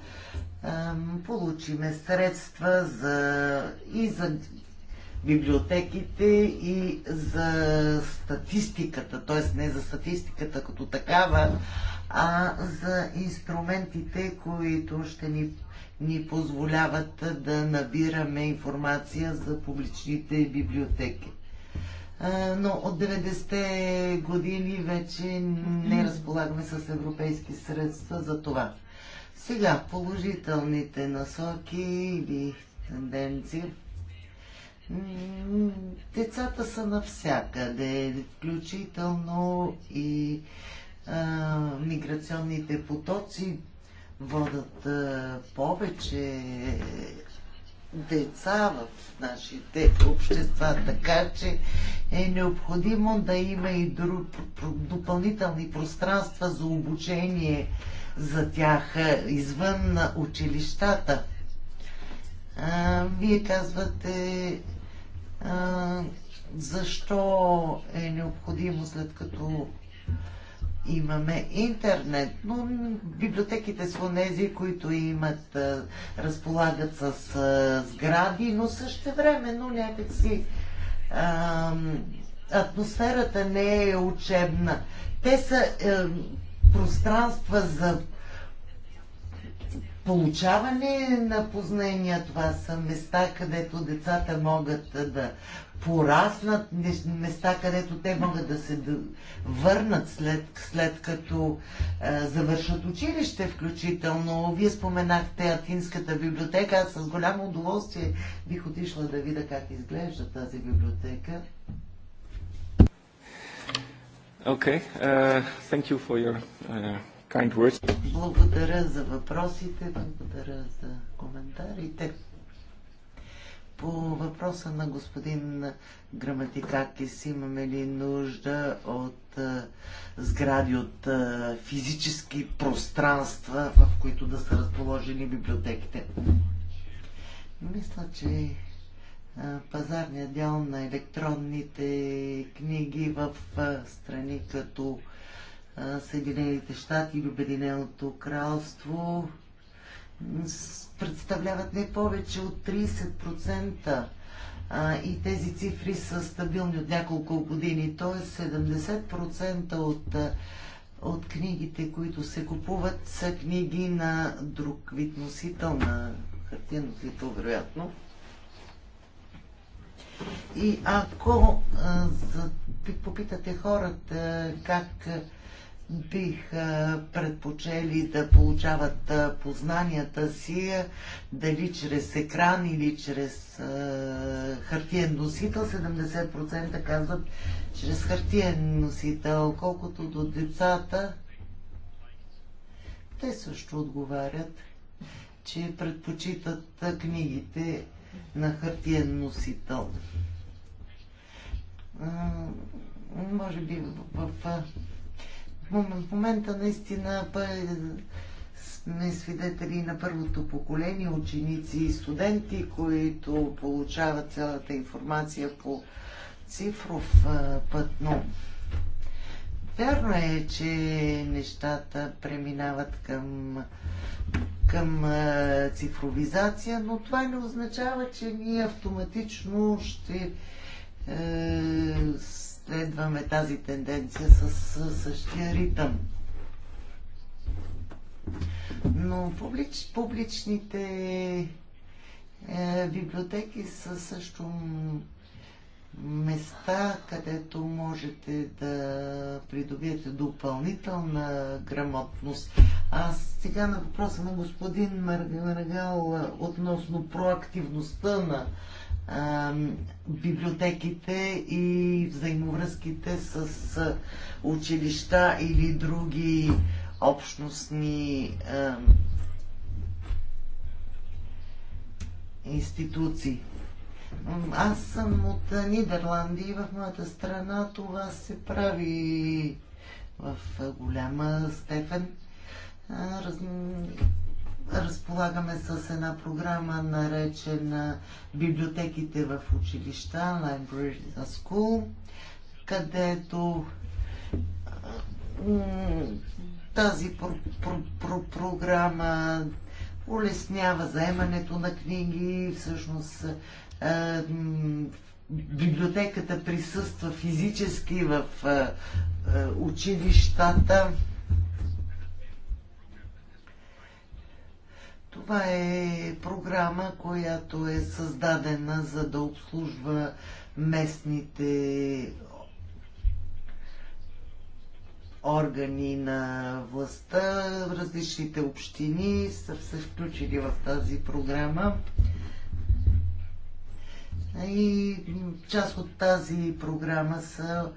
ем, получиме средства за, и за библиотеките и за статистиката, т.е. не за статистиката като такава, а за инструментите, които ще ни, ни позволяват да набираме информация за публичните библиотеки. Но от 90-те години вече не разполагаме с европейски средства за това. Сега положителните насоки или тенденции. Децата са навсякъде, включително и миграционните потоци водат повече деца в нашите общества, така че е необходимо да има и друг, допълнителни пространства за обучение за тях извън училищата. А, вие казвате а, защо е необходимо след като имаме интернет, но библиотеките са тези, които имат, разполагат с сгради, но също време, но някакси атмосферата не е учебна. Те са пространства за получаване на познания. Това са места, където децата могат да пораснат, места, където те могат да се върнат след, след като е, завършат училище, включително. Вие споменахте Атинската библиотека. Аз с голямо удоволствие бих отишла да видя как изглежда тази библиотека. Okay, uh, thank you for your uh kind words. Благодаря за въпросите, благодаря за коментарите. По въпроса на господин Граматикакис, имаме ли нужда от а, сгради, от а, физически пространства, в които да са разположени библиотеките? Мисля, че пазарният дял на електронните книги в страни като Съединените щати и Обединеното кралство представляват не повече от 30% и тези цифри са стабилни от няколко години, т.е. 70% от, от книгите, които се купуват, са книги на друг вид носител, на хартиен носител, вероятно. И ако а, за, попитате хората как бих предпочели да получават познанията си дали чрез екран или чрез хартиен носител. 70% казват чрез хартиен носител. Колкото до децата, те също отговарят, че предпочитат книгите на хартиен носител. Може би в, в в момента наистина сме свидетели на първото поколение ученици и студенти, които получават цялата информация по цифров път, но вярно е, че нещата преминават към, към цифровизация, но това не означава, че ние автоматично ще е, следваме тази тенденция с, същия ритъм. Но публич, публичните е, библиотеки са също места, където можете да придобиете допълнителна грамотност. А сега на въпроса на господин Маргал е, относно проактивността на библиотеките и взаимовръзките с училища или други общностни институции. Аз съм от Нидерландия и в моята страна това се прави в голяма степен разполагаме с една програма, наречена Библиотеките в училища, Library in School, където тази пр- пр- пр- програма улеснява заемането на книги, всъщност е, библиотеката присъства физически в е, е училищата. Това е програма, която е създадена за да обслужва местните органи на властта. Различните общини са се включили в тази програма. И част от тази програма са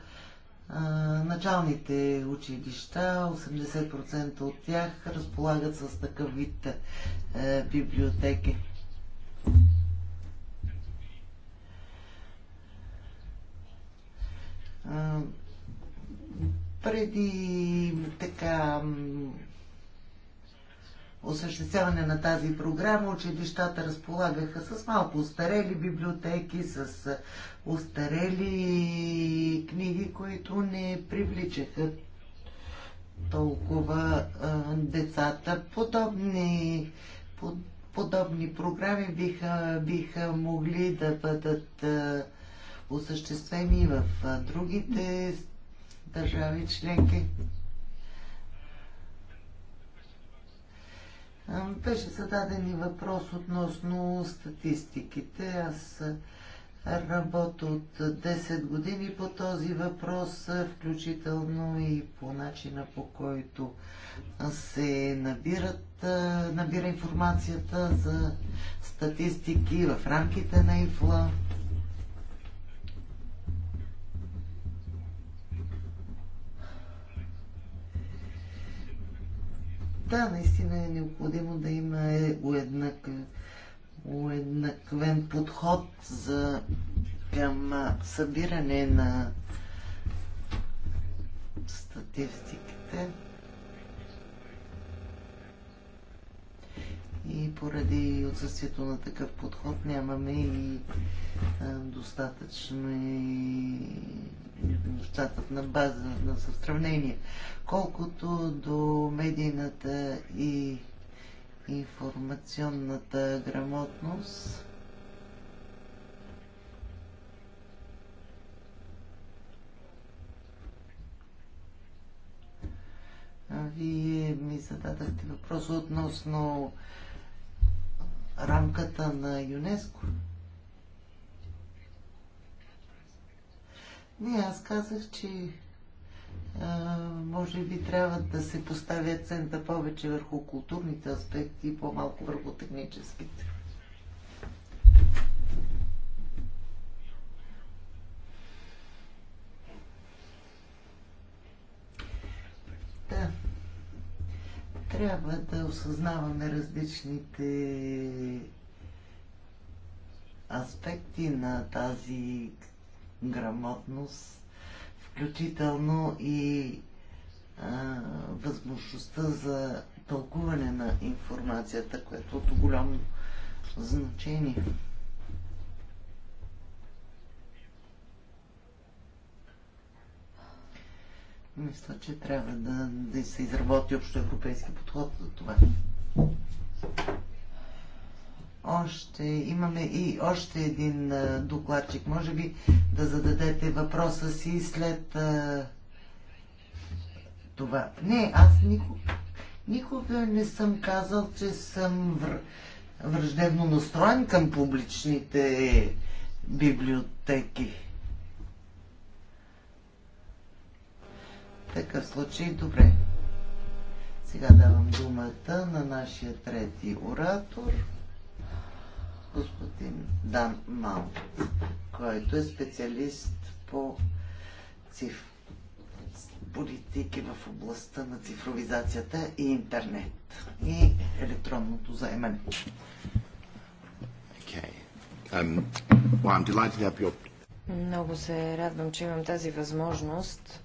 началните училища, 80% от тях разполагат с такъв вид е, библиотеки. преди така осъществяване на тази програма училищата разполагаха с малко устарели библиотеки, с устарели книги, които не привличаха толкова а, децата. Подобни, под, подобни програми биха, биха могли да бъдат а, осъществени в а, другите държави членки. Беше зададен и въпрос относно статистиките. Аз работя от 10 години по този въпрос, включително и по начина по който се набират, набира информацията за статистики в рамките на ИФЛА. Да, наистина е необходимо да има уеднак, уеднаквен подход за, към събиране на статистиките. И поради отсъствието на такъв подход нямаме и достатъчно нещата на база на сравнение. Колкото до медийната и информационната грамотност, Вие ми зададахте въпрос относно рамката на ЮНЕСКО. Не, аз казах, че а, може би трябва да се поставя акцента повече върху културните аспекти и по-малко върху техническите. Да. Трябва да осъзнаваме различните аспекти на тази грамотност, включително и а, възможността за тълкуване на информацията, което е от голямо значение. Мисля, че трябва да, да се изработи общо европейски подход за това още, имаме и още един докладчик. Може би да зададете въпроса си след а, това. Не, аз никога, никога не съм казал, че съм вър, враждебно настроен към публичните библиотеки. В такъв случай, добре. Сега давам думата на нашия трети оратор господин Дан Мал, който е специалист по циф... политики в областта на цифровизацията и интернет и електронното заемане. Okay. Um, well, I'm to have your... Много се радвам, че имам тази възможност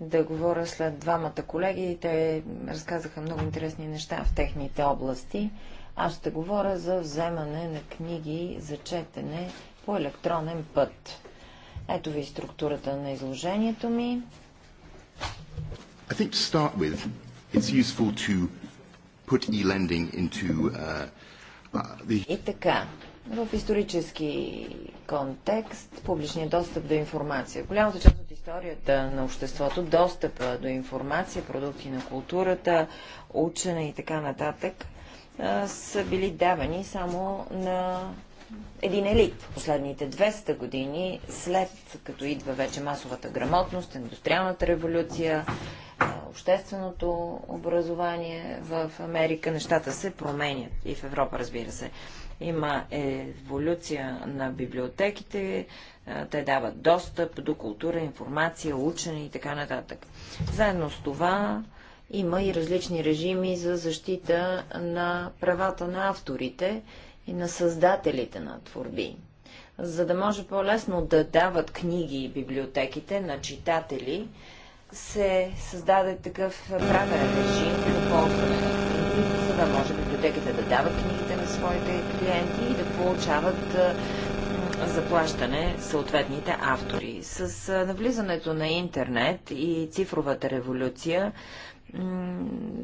да говоря след двамата колеги. Те разказаха много интересни неща в техните области. Аз ще говоря за вземане на книги за четене по електронен път. Ето ви структурата на изложението ми. I think to start with, it's useful to put e-lending into uh, uh the... И така, в исторически контекст, публичният достъп до информация. Голямата част от историята на обществото, достъпа до информация, продукти на културата, учене и така нататък са били давани само на един елит. Последните 200 години, след като идва вече масовата грамотност, индустриалната революция, общественото образование в Америка, нещата се променят. И в Европа, разбира се. Има еволюция на библиотеките, те дават достъп до култура, информация, учене и така нататък. Заедно с това има и различни режими за защита на правата на авторите и на създателите на творби. За да може по-лесно да дават книги и библиотеките на читатели, се създаде такъв правен режим на ползване на книги, за да може библиотеките да дават книгите на своите клиенти и да получават заплащане съответните автори. С навлизането на интернет и цифровата революция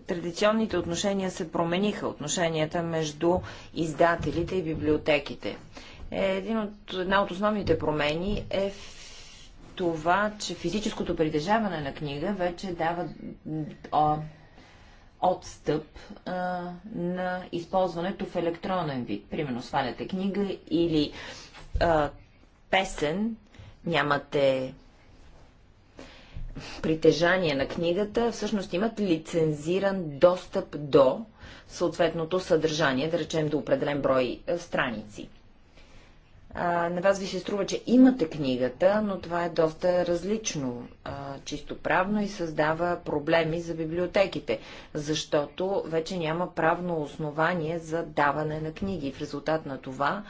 традиционните отношения се промениха, отношенията между издателите и библиотеките. Е, един от, една от основните промени е в това, че физическото притежаване на книга вече дава о, отстъп а, на използването в електронен вид. Примерно сваляте книга или а, песен, нямате притежание на книгата, всъщност имат лицензиран достъп до съответното съдържание, да речем до определен брой е, страници. А, на вас ви се струва, че имате книгата, но това е доста различно, а, чисто правно и създава проблеми за библиотеките, защото вече няма правно основание за даване на книги. В резултат на това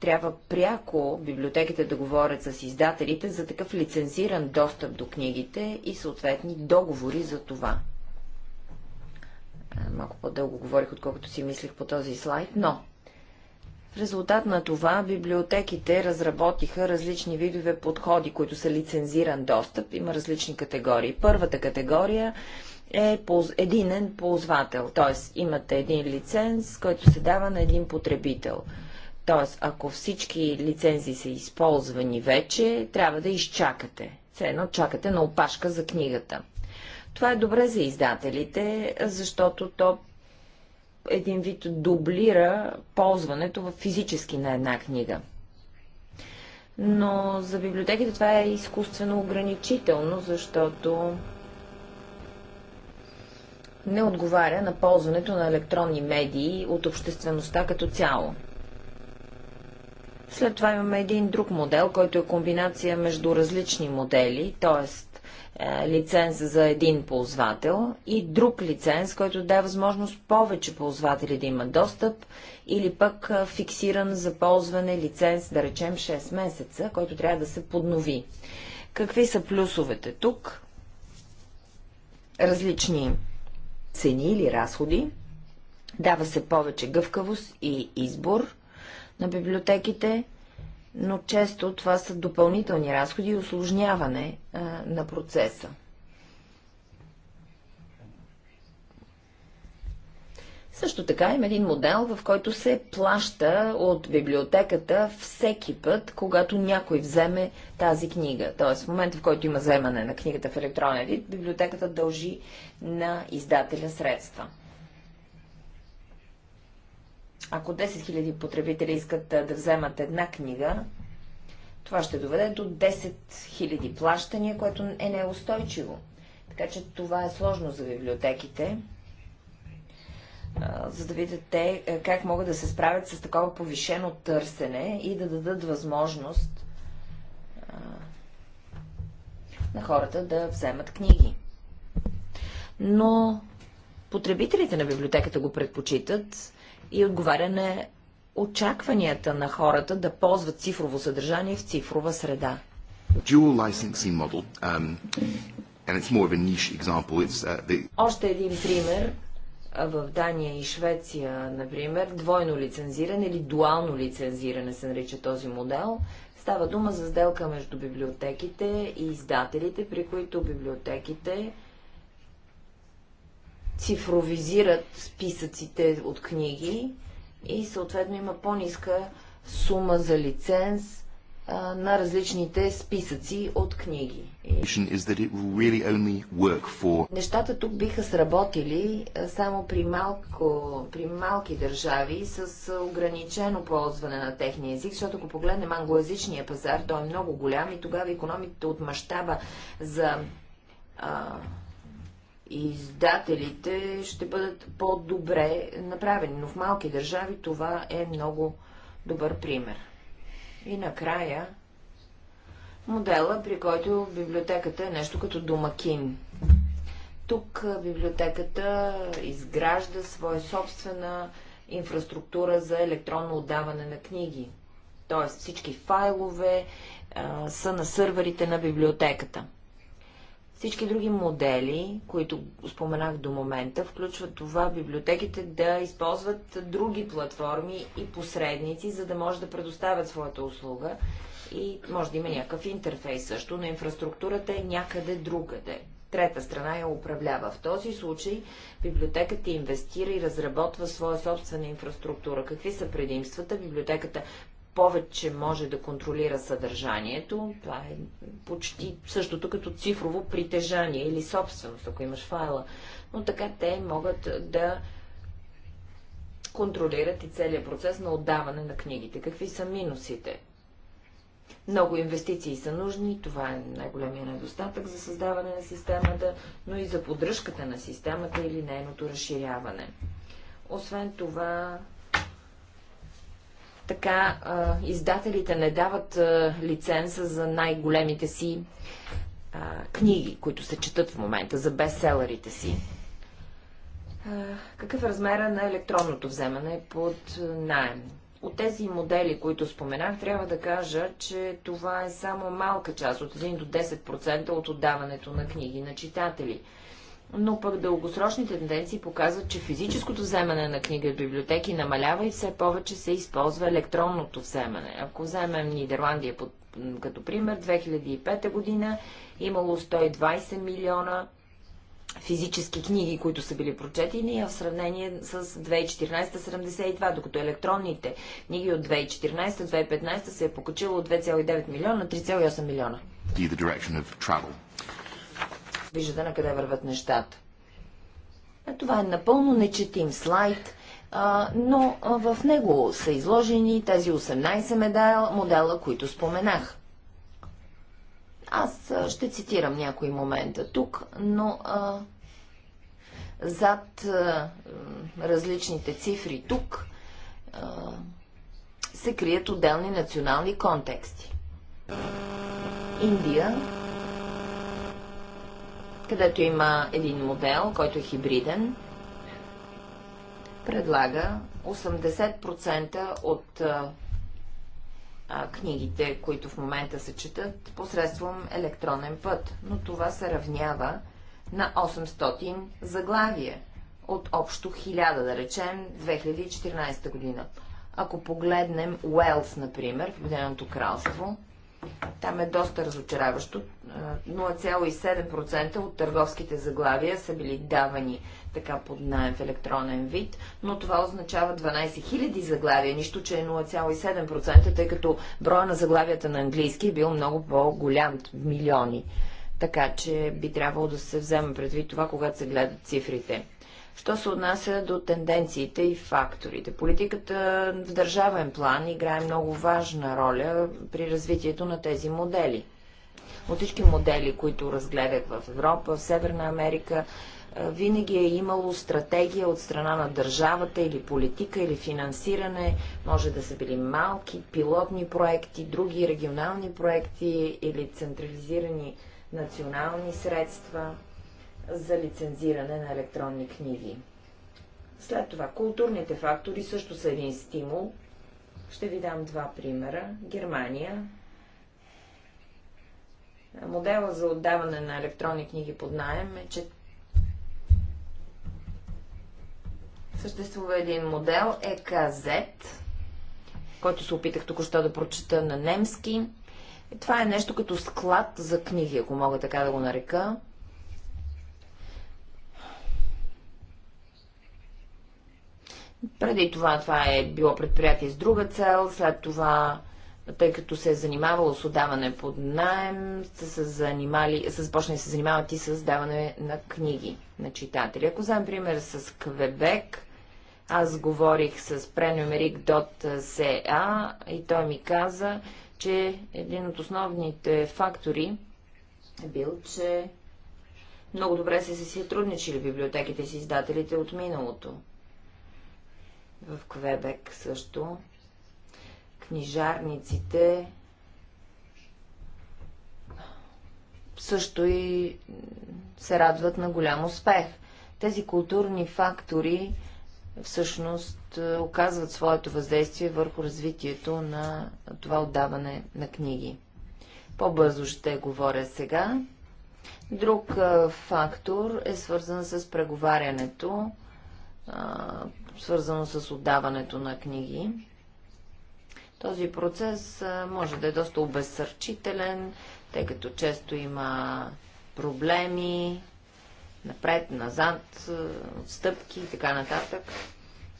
трябва пряко библиотеките да говорят с издателите за такъв лицензиран достъп до книгите и съответни договори за това. Е, малко по-дълго говорих, отколкото си мислих по този слайд, но в резултат на това библиотеките разработиха различни видове подходи, които са лицензиран достъп. Има различни категории. Първата категория е единен ползвател, т.е. имате един лиценз, който се дава на един потребител – Тоест, ако всички лицензии са използвани вече, трябва да изчакате. Все едно чакате на опашка за книгата. Това е добре за издателите, защото то един вид дублира ползването в физически на една книга. Но за библиотеките това е изкуствено ограничително, защото не отговаря на ползването на електронни медии от обществеността като цяло. След това имаме един друг модел, който е комбинация между различни модели, т.е лиценз за един ползвател и друг лиценз, който дава възможност повече ползватели да имат достъп или пък е, фиксиран за ползване лиценз, да речем 6 месеца, който трябва да се поднови. Какви са плюсовете тук? Различни цени или разходи. Дава се повече гъвкавост и избор – на библиотеките, но често това са допълнителни разходи и осложняване а, на процеса. Също така има един модел, в който се плаща от библиотеката всеки път, когато някой вземе тази книга. Тоест, в момента, в който има вземане на книгата в електронен вид, библиотеката дължи на издателя средства. Ако 10 000 потребители искат да вземат една книга, това ще доведе до 10 000 плащания, което е неустойчиво. Така че това е сложно за библиотеките, за да видят те е, как могат да се справят с такова повишено търсене и да дадат възможност на хората да вземат книги. Но потребителите на библиотеката го предпочитат и отговаря на очакванията на хората да ползват цифрово съдържание в цифрова среда. Model, um, uh, the... Още един пример в Дания и Швеция, например, двойно лицензиране или дуално лицензиране се нарича този модел. Става дума за сделка между библиотеките и издателите, при които библиотеките цифровизират списъците от книги и съответно има по-ниска сума за лиценз а, на различните списъци от книги. Really for... Нещата тук биха сработили само при, малко, при малки държави с ограничено ползване на техния език, защото ако погледнем англоязичния пазар, той е много голям и тогава економиката от мащаба за а, издателите ще бъдат по-добре направени, но в малки държави това е много добър пример. И накрая модела, при който библиотеката е нещо като домакин. Тук библиотеката изгражда своя собствена инфраструктура за електронно отдаване на книги. Тоест всички файлове а, са на сървърите на библиотеката. Всички други модели, които споменах до момента, включват това библиотеките да използват други платформи и посредници, за да може да предоставят своята услуга и може да има някакъв интерфейс също, но инфраструктурата е някъде другаде. Трета страна я управлява. В този случай библиотеката инвестира и разработва своя собствена инфраструктура. Какви са предимствата? Библиотеката повече може да контролира съдържанието, това е почти същото като цифрово притежание или собственост, ако имаш файла. Но така те могат да контролират и целият процес на отдаване на книгите. Какви са минусите? Много инвестиции са нужни, това е най-големия недостатък за създаване на системата, но и за поддръжката на системата или нейното разширяване. Освен това, така а, издателите не дават а, лиценза за най-големите си а, книги, които се четат в момента, за бестселерите си. А, какъв е размера на електронното вземане под найем? От тези модели, които споменах, трябва да кажа, че това е само малка част, от 1 до 10% от отдаването на книги на читатели – но пък дългосрочните тенденции показват, че физическото вземане на книги от библиотеки намалява и все повече се използва електронното вземане. Ако вземем Нидерландия под, като пример, 2005 година имало 120 милиона физически книги, които са били прочетени, а в сравнение с 2014-72, докато електронните книги от 2014-2015 се е покачило от 2,9 милиона на 3,8 милиона виждате на къде върват нещата. Е, това е напълно нечетим слайд, но в него са изложени тези 18 медала, модела, които споменах. Аз ще цитирам някои момента тук, но а, зад а, различните цифри тук а, се крият отделни национални контексти. Индия където има един модел, който е хибриден, предлага 80% от а, а, книгите, които в момента се четат, посредством електронен път, но това се равнява на 800 заглавия от общо 1000, да речем, 2014 година. Ако погледнем Уелс, например, в Обединеното кралство, там е доста разочароващо. 0,7% от търговските заглавия са били давани така под найем в електронен вид, но това означава 12 000 заглавия, нищо, че е 0,7%, тъй като броя на заглавията на английски е бил много по-голям, милиони. Така че би трябвало да се вземе предвид това, когато се гледат цифрите. Що се отнася до тенденциите и факторите? Политиката в държавен план играе много важна роля при развитието на тези модели. От всички модели, които разгледах в Европа, в Северна Америка, е, винаги е имало стратегия от страна на държавата или политика или финансиране. Може да са били малки пилотни проекти, други регионални проекти или централизирани национални средства за лицензиране на електронни книги. След това, културните фактори също са един стимул. Ще ви дам два примера. Германия. Модела за отдаване на електронни книги под найем е, че съществува един модел ЕКЗ, който се опитах току-що да прочета на немски. И това е нещо като склад за книги, ако мога така да го нарека. Преди това това е било предприятие с друга цел, след това, тъй като се е занимавало с отдаване под найем, са се занимали, са започнали да се занимават и с даване на книги на читатели. Ако вземем пример с Квебек, аз говорих с преномерик .ca и той ми каза, че един от основните фактори е бил, че много добре са се сътрудничили библиотеките с издателите от миналото в Квебек също. Книжарниците също и се радват на голям успех. Тези културни фактори всъщност е, оказват своето въздействие върху развитието на това отдаване на книги. По-бързо ще говоря сега. Друг е, фактор е свързан с преговарянето свързано с отдаването на книги. Този процес може да е доста обезсърчителен, тъй като често има проблеми, напред, назад, отстъпки и така нататък.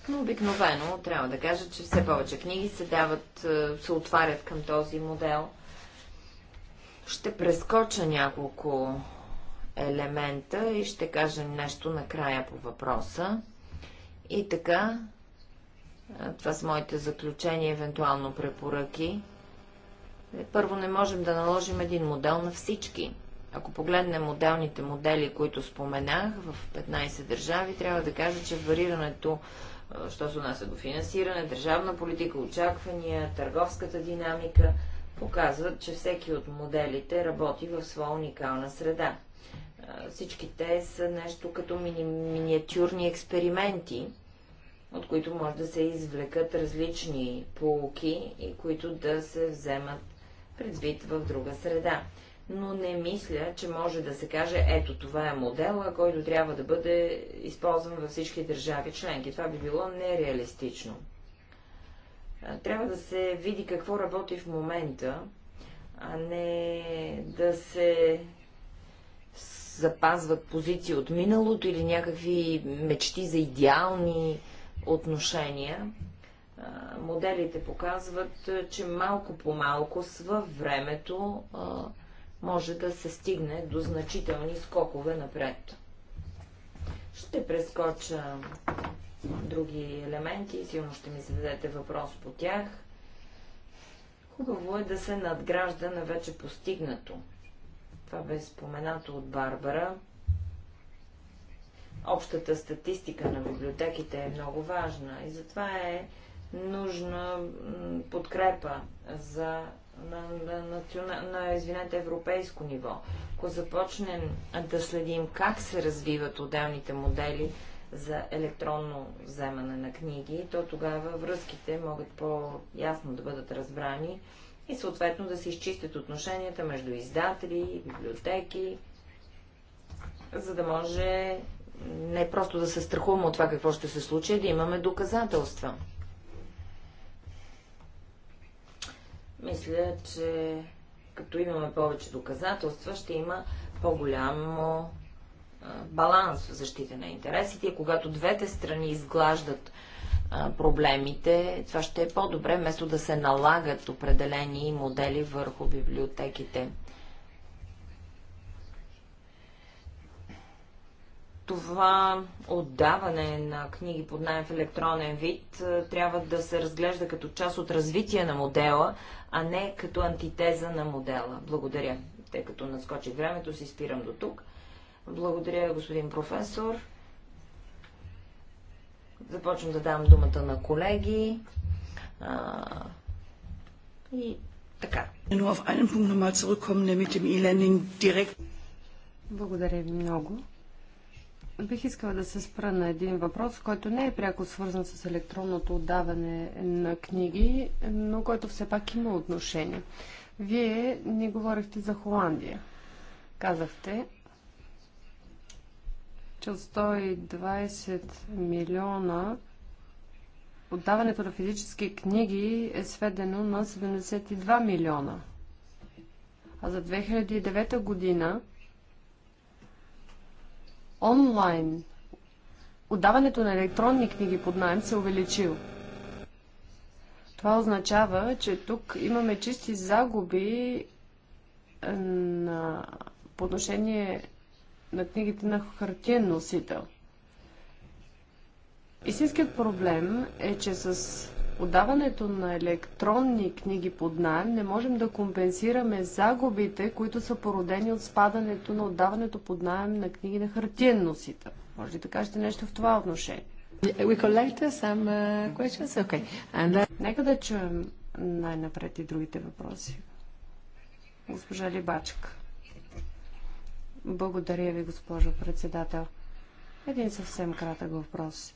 Но обикновено трябва да кажа, че все повече книги се дават, се отварят към този модел. Ще прескоча няколко елемента и ще кажа нещо накрая по въпроса. И така, това са моите заключения, евентуално препоръки. Е, първо не можем да наложим един модел на всички. Ако погледнем отделните модели, които споменах в 15 държави, трябва да кажа, че варирането, що се отнася до финансиране, държавна политика, очаквания, търговската динамика, показват, че всеки от моделите работи в своя уникална среда. Всички те са нещо като мини, миниатюрни експерименти, от които може да се извлекат различни полуки и които да се вземат предвид в друга среда. Но не мисля, че може да се каже, ето това е модела, който трябва да бъде използван във всички държави членки. Това би било нереалистично. Трябва да се види какво работи в момента, а не да се запазват позиции от миналото или някакви мечти за идеални отношения. Моделите показват, че малко по малко във времето може да се стигне до значителни скокове напред. Ще прескоча други елементи, силно ще ми зададете въпрос по тях. Хубаво е да се надгражда на вече постигнато. Това бе споменато от Барбара. Общата статистика на библиотеките е много важна и затова е нужна подкрепа за, на, на, на, на извинете, европейско ниво. Ако започнем да следим как се развиват отделните модели за електронно вземане на книги, то тогава връзките могат по-ясно да бъдат разбрани и съответно да се изчистят отношенията между издатели, библиотеки, за да може не просто да се страхуваме от това какво ще се случи, а да имаме доказателства. Мисля, че като имаме повече доказателства, ще има по-голямо баланс в защита на интересите. И когато двете страни изглаждат проблемите, това ще е по-добре, вместо да се налагат определени модели върху библиотеките. това отдаване на книги под найем в електронен вид трябва да се разглежда като част от развитие на модела, а не като антитеза на модела. Благодаря. Тъй като наскочи времето, си спирам до тук. Благодаря, господин професор. Започвам да давам думата на колеги. А, и така. Благодаря ви много. Бих искала да се спра на един въпрос, който не е пряко свързан с електронното отдаване на книги, но който все пак има отношение. Вие не говорихте за Холандия. Казахте, от 120 милиона отдаването на физически книги е сведено на 72 милиона. А за 2009 година онлайн отдаването на електронни книги под найем се е увеличил. Това означава, че тук имаме чисти загуби е, на, по отношение на книгите на хартиен носител. Истинският проблем е, че с отдаването на електронни книги под найем не можем да компенсираме загубите, които са породени от спадането на отдаването под найем на книги на хартиен носител. Може ли да кажете нещо в това отношение? Uh, okay. And... Uh, Нека да чуем най-напред и другите въпроси. Госпожа Либачка. Благодаря ви, госпожо председател. Един съвсем кратък въпрос.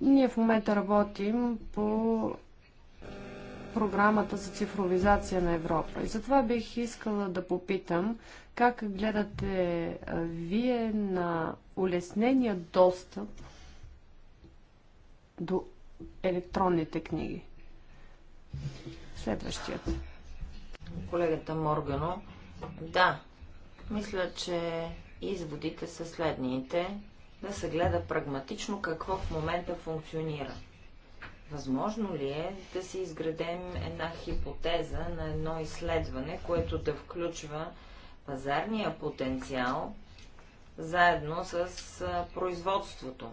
Ние в момента работим по програмата за цифровизация на Европа. И затова бих искала да попитам как гледате вие на улеснения достъп до електронните книги. Следващият. Колегата Моргано. Да, мисля, че изводите са следните. Да се гледа прагматично какво в момента функционира. Възможно ли е да си изградем една хипотеза на едно изследване, което да включва пазарния потенциал заедно с производството?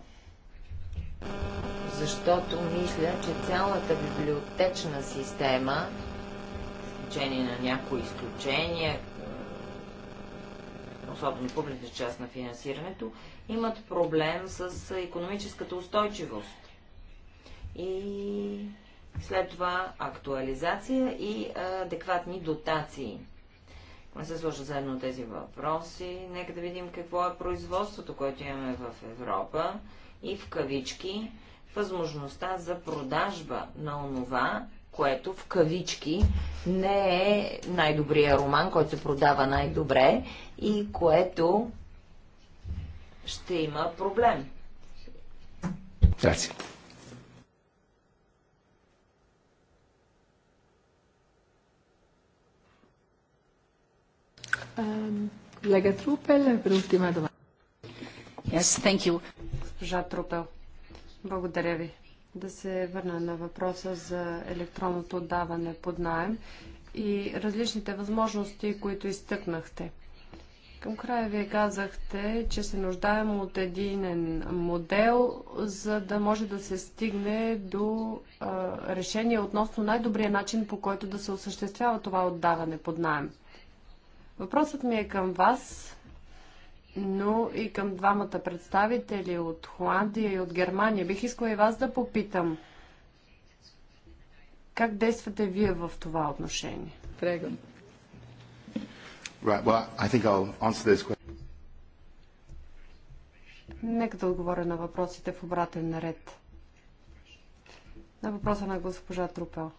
защото мисля, че цялата библиотечна система, изключение на някои изключения, особено публична част на финансирането, имат проблем с економическата устойчивост. И след това актуализация и адекватни дотации. Не се слуша заедно тези въпроси, нека да видим какво е производството, което имаме в Европа и в кавички възможността за продажба на онова, което в кавички не е най-добрия роман, който се продава най-добре и което ще има проблем. Здравейте. Collega Truppel per l'ultima domanda. Yes, thank you госпожа Трупел. Благодаря ви. Да се върна на въпроса за електронното отдаване под найем и различните възможности, които изтъкнахте. Към края вие казахте, че се нуждаем от един модел, за да може да се стигне до а, решение относно най-добрия начин, по който да се осъществява това отдаване под найем. Въпросът ми е към вас но и към двамата представители от Холандия и от Германия. Бих искала и вас да попитам. Как действате вие в това отношение? Преган. Right, well, I think I'll answer this question. Нека да отговоря на въпросите в обратен наред. На въпроса на госпожа Трупел.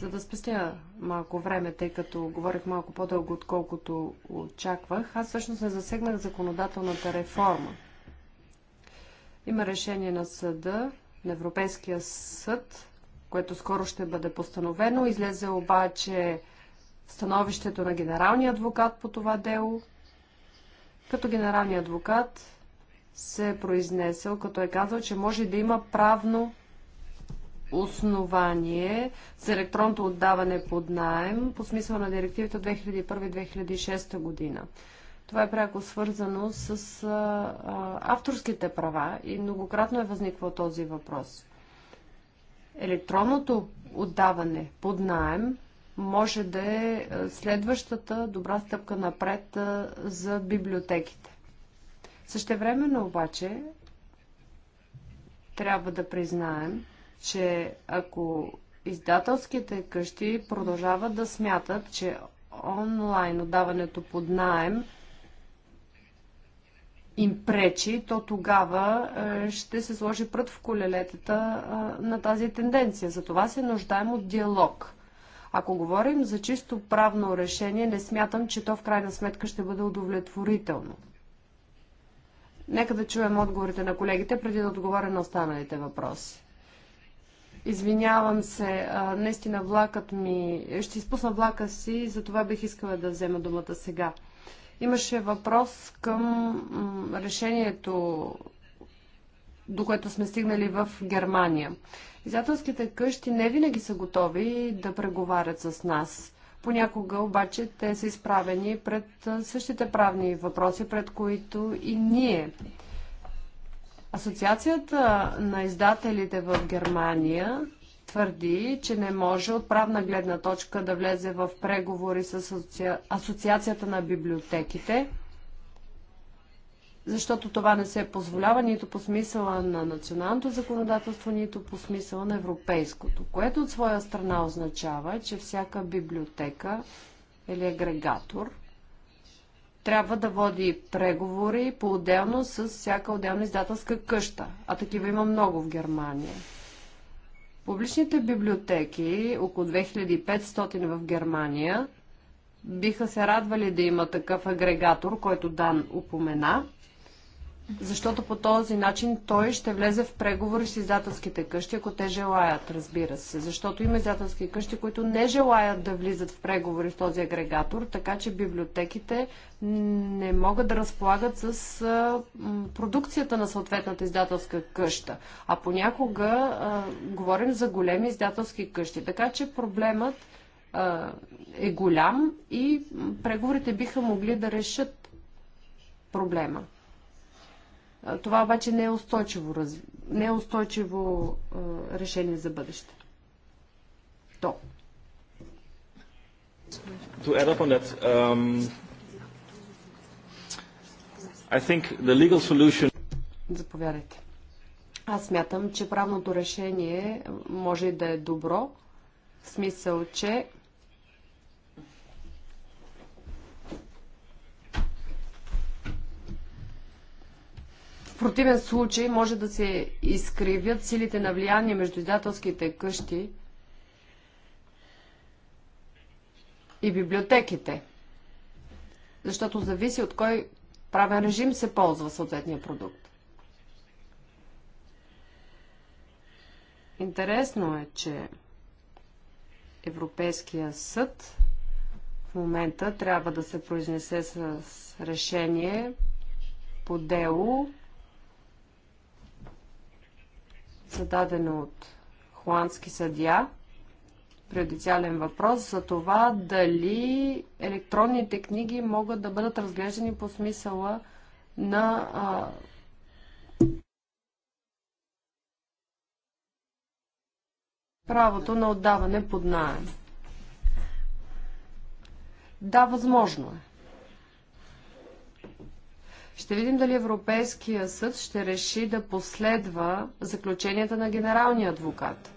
За да спестя малко време, тъй като говорих малко по-дълго, отколкото очаквах, аз всъщност не засегнах законодателната реформа. Има решение на съда, на Европейския съд, което скоро ще бъде постановено. Излезе обаче становището на генералния адвокат по това дело. Като генералния адвокат се е произнесъл, като е казал, че може да има правно основание за електронното отдаване под найем по смисъла на директивата 2001-2006 година. Това е пряко свързано с а, авторските права и многократно е възниквал този въпрос. Електронното отдаване под найем може да е следващата добра стъпка напред а, за библиотеките. Същевременно обаче трябва да признаем, че ако издателските къщи продължават да смятат, че онлайн отдаването под найем им пречи, то тогава е, ще се сложи прът в колелетата е, на тази тенденция. Затова се нуждаем от диалог. Ако говорим за чисто правно решение, не смятам, че то в крайна сметка ще бъде удовлетворително. Нека да чуем отговорите на колегите, преди да отговоря на останалите въпроси. Извинявам се, а, наистина влакът ми... Ще изпусна влака си, затова бих искала да взема думата сега. Имаше въпрос към решението, до което сме стигнали в Германия. Изятелските къщи не винаги са готови да преговарят с нас. Понякога обаче те са изправени пред същите правни въпроси, пред които и ние. Асоциацията на издателите в Германия твърди, че не може от правна гледна точка да влезе в преговори с асоци... Асоциацията на библиотеките, защото това не се позволява нито по смисъла на националното законодателство, нито по смисъла на европейското, което от своя страна означава, че всяка библиотека или агрегатор – трябва да води преговори по-отделно с всяка отделна издателска къща, а такива има много в Германия. Публичните библиотеки, около 2500 в Германия, биха се радвали да има такъв агрегатор, който Дан упомена – защото по този начин той ще влезе в преговори с издателските къщи, ако те желаят, разбира се. Защото има издателски къщи, които не желаят да влизат в преговори в този агрегатор, така че библиотеките не могат да разполагат с продукцията на съответната издателска къща. А понякога а, говорим за големи издателски къщи. Така че проблемът а, е голям и преговорите биха могли да решат проблема. Това обаче не е устойчиво, раз... не е устойчиво а, решение за бъдеще. То. To add up on that, um, I think the legal solution... Заповядайте. Аз смятам, че правното решение може да е добро, в смисъл, че противен случай може да се изкривят силите на влияние между издателските къщи и библиотеките. Защото зависи от кой правен режим се ползва съответния продукт. Интересно е, че Европейския съд в момента трябва да се произнесе с решение по дело, зададено от холандски съдия, преодициален въпрос за това дали електронните книги могат да бъдат разглеждани по смисъла на а, правото на отдаване под найем. Да, възможно е. Ще видим дали Европейския съд ще реши да последва заключенията на генералния адвокат.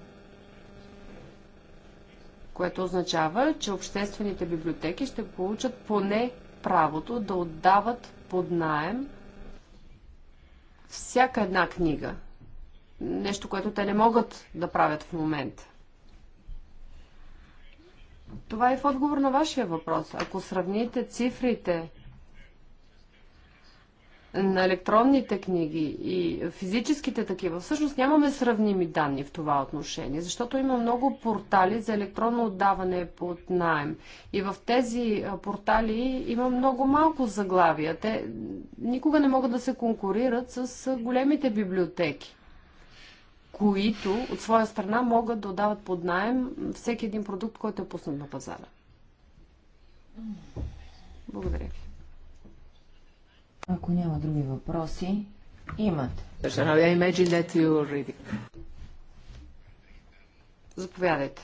Което означава, че обществените библиотеки ще получат поне правото да отдават под найем всяка една книга. Нещо, което те не могат да правят в момента. Това е в отговор на вашия въпрос. Ако сравните цифрите на електронните книги и физическите такива, всъщност нямаме сравними данни в това отношение, защото има много портали за електронно отдаване под найем. И в тези портали има много малко заглавия. Те никога не могат да се конкурират с големите библиотеки които от своя страна могат да отдават под найем всеки един продукт, който е пуснат на пазара. Благодаря ви. Ако няма други въпроси, имате. Заповядайте.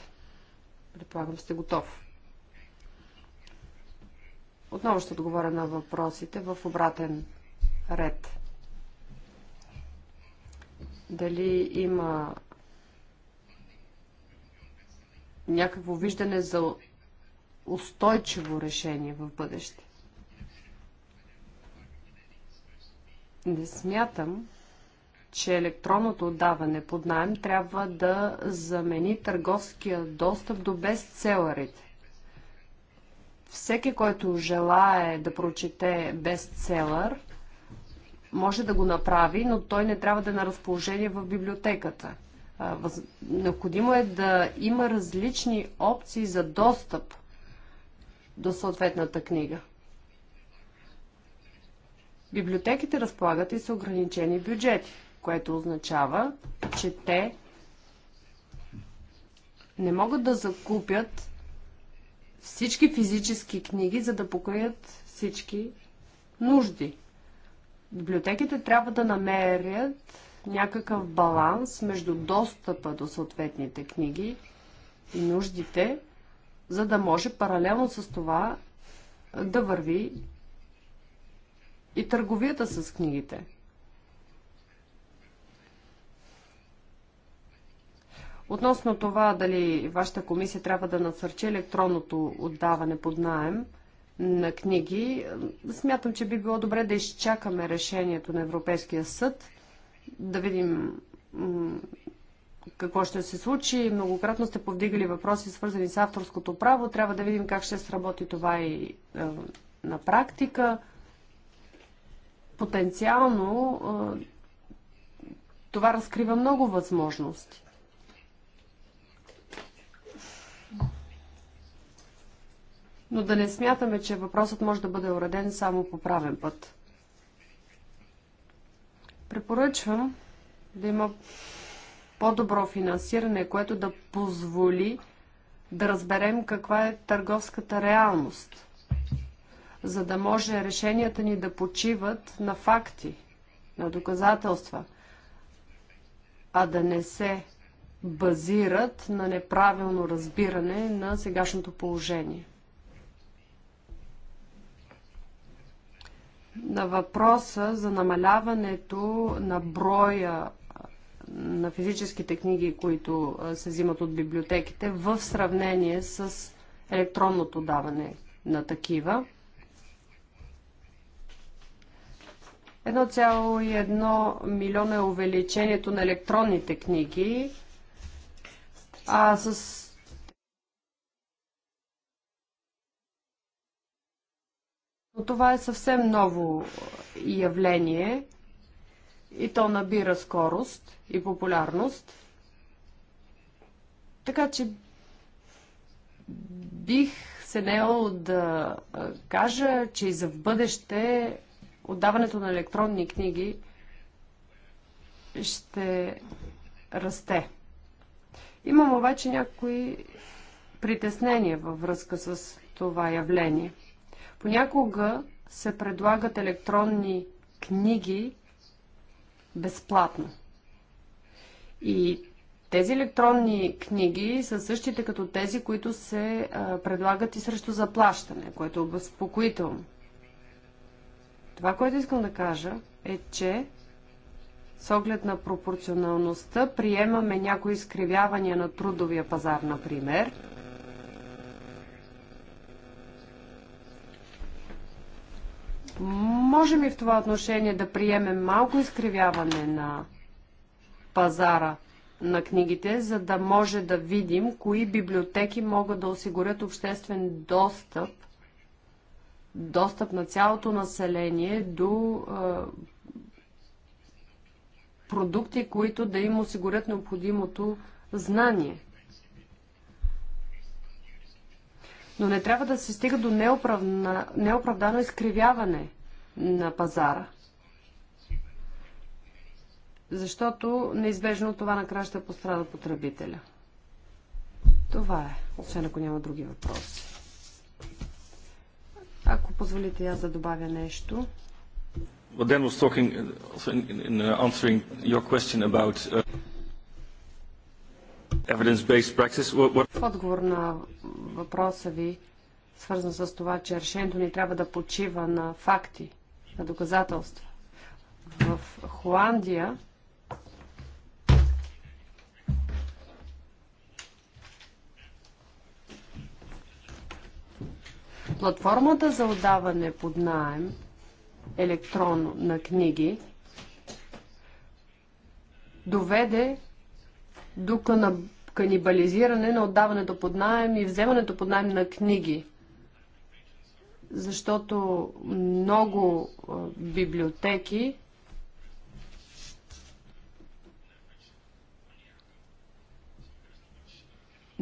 Предполагам сте готов. Отново ще отговоря на въпросите в обратен ред. Дали има някакво виждане за устойчиво решение в бъдеще? Не смятам, че електронното отдаване под найем трябва да замени търговския достъп до бестселерите. Всеки, който желае да прочете бестселър, може да го направи, но той не трябва да е на разположение в библиотеката. Необходимо е да има различни опции за достъп до съответната книга. Библиотеките разполагат и с ограничени бюджети, което означава, че те не могат да закупят всички физически книги, за да покрият всички нужди. Библиотеките трябва да намерят някакъв баланс между достъпа до съответните книги и нуждите, за да може паралелно с това да върви и търговията с книгите. Относно това дали вашата комисия трябва да насърчи електронното отдаване под найем на книги, смятам, че би било добре да изчакаме решението на Европейския съд, да видим какво ще се случи. Многократно сте повдигали въпроси, свързани с авторското право. Трябва да видим как ще сработи това и е, на практика потенциално това разкрива много възможности. Но да не смятаме, че въпросът може да бъде уреден само по правен път. Препоръчвам да има по-добро финансиране, което да позволи да разберем каква е търговската реалност – за да може решенията ни да почиват на факти, на доказателства, а да не се базират на неправилно разбиране на сегашното положение. На въпроса за намаляването на броя на физическите книги, които се взимат от библиотеките в сравнение с електронното даване на такива. 1,1 милиона е увеличението на електронните книги, а с Но това е съвсем ново явление и то набира скорост и популярност. Така че бих се неял да кажа, че и за в бъдеще отдаването на електронни книги ще расте. Имам обаче някои притеснения във връзка с това явление. Понякога се предлагат електронни книги безплатно. И тези електронни книги са същите като тези, които се предлагат и срещу заплащане, което е обезпокоително. Това, което искам да кажа е, че с оглед на пропорционалността приемаме някои изкривявания на трудовия пазар, например. Можем и в това отношение да приемем малко изкривяване на пазара на книгите, за да може да видим кои библиотеки могат да осигурят обществен достъп – достъп на цялото население до продукти, които да им осигурят необходимото знание. Но не трябва да се стига до неоправна, неоправдано изкривяване на пазара. Защото неизбежно това накрая ще пострада потребителя. Това е, освен ако няма други въпроси. Ако позволите аз да добавя нещо. was talking in, uh, answering your question about uh, evidence-based practice. what... В отговор на въпроса ви, свързан с това, че решението ни трябва да почива на факти, на доказателства. В Холандия Платформата за отдаване под найем електронно на книги доведе до канибализиране на отдаването под найем и вземането под найем на книги. Защото много библиотеки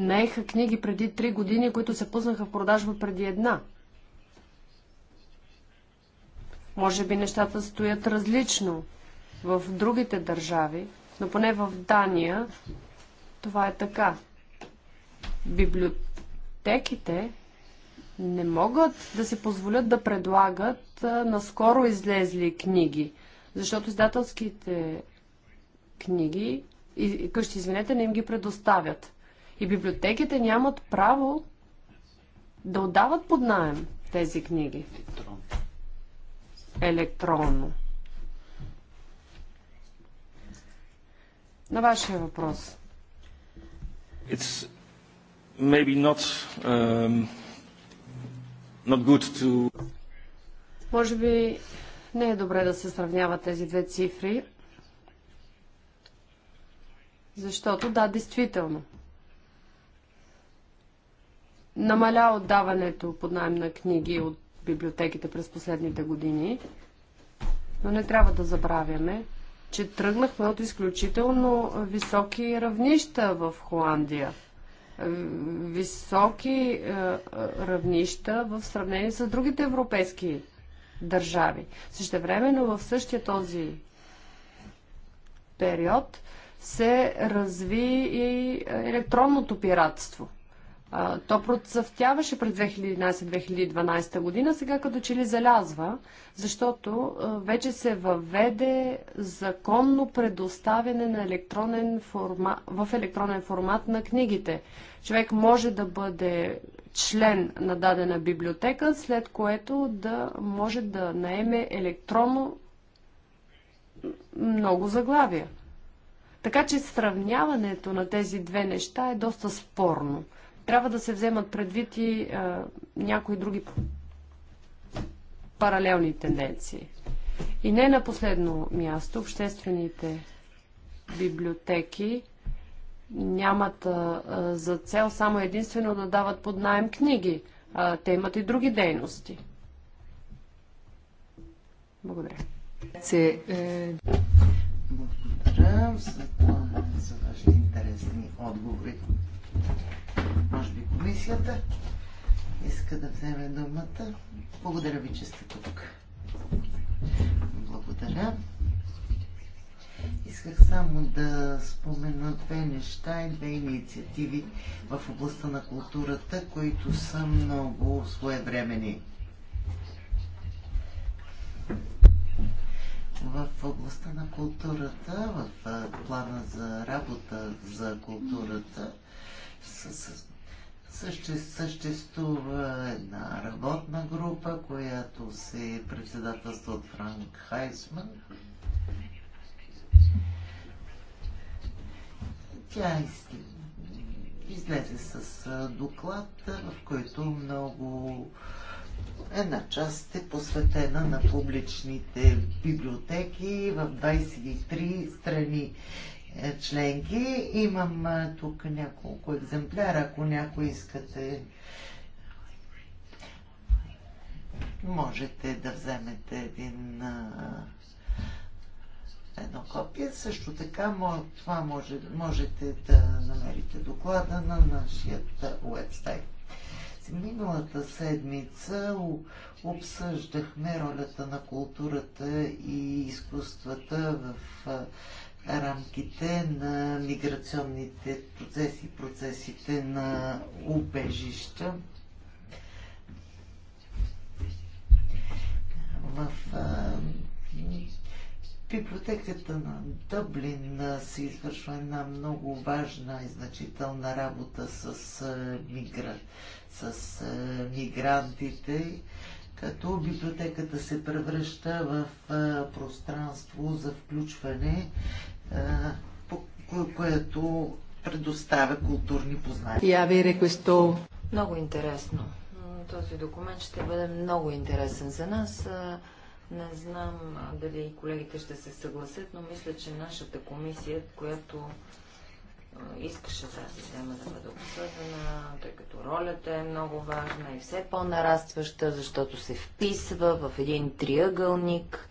наеха книги преди три години, които се пуснаха в продажба преди една. Може би нещата стоят различно в другите държави, но поне в Дания това е така. Библиотеките не могат да си позволят да предлагат наскоро излезли книги, защото издателските книги и къщи, извинете, не им ги предоставят. И библиотеките нямат право да отдават под найем тези книги. Електронно. На вашия въпрос. It's maybe not, um, not good to... Може би не е добре да се сравнява тези две цифри, защото да, действително, намаля отдаването под найем на книги от библиотеките през последните години, но не трябва да забравяме, че тръгнахме от изключително високи равнища в Холандия. Високи е, е, равнища в сравнение с другите европейски държави. Същевременно в същия този период се разви и електронното пиратство – то процъфтяваше през 2011-2012 година, сега като че ли залязва, защото вече се въведе законно предоставяне на електронен формат, в електронен формат на книгите. Човек може да бъде член на дадена библиотека, след което да може да наеме електронно много заглавия. Така че сравняването на тези две неща е доста спорно. Трябва да се вземат предвид и а, някои други паралелни тенденции. И не на последно място, обществените библиотеки нямат а, за цел само единствено да дават под найем книги. А, те имат и други дейности. Благодаря. Е, е, Благодаря за, за вашите интересни отговори. Може би комисията иска да вземе думата. Благодаря ви, че сте тук. Благодаря. Исках само да спомена две неща и две инициативи в областта на културата, които са много своевремени. В областта на културата, в плана за работа за културата, Съществува една работна група, която се председателства от Франк Хайсман. Тя излезе с доклад, в който много една част е посветена на публичните библиотеки в 23 страни членки. Имам тук няколко екземпляра, ако някой искате. Можете да вземете един едно копие. Също така това може, можете да намерите доклада на нашия уебсайт. Миналата седмица обсъждахме ролята на културата и изкуствата в рамките на миграционните процеси, процесите на убежища. В а, библиотеката на Дъблин се извършва една много важна и значителна работа с, мигра... с мигрантите като библиотеката се превръща в пространство за включване, което предоставя културни познания. Я questo. Много интересно. Този документ ще бъде много интересен за нас. Не знам дали колегите ще се съгласят, но мисля, че нашата комисия, която искаше тази система да бъде обсъдена, тъй като ролята е много важна и все по-нарастваща, защото се вписва в един триъгълник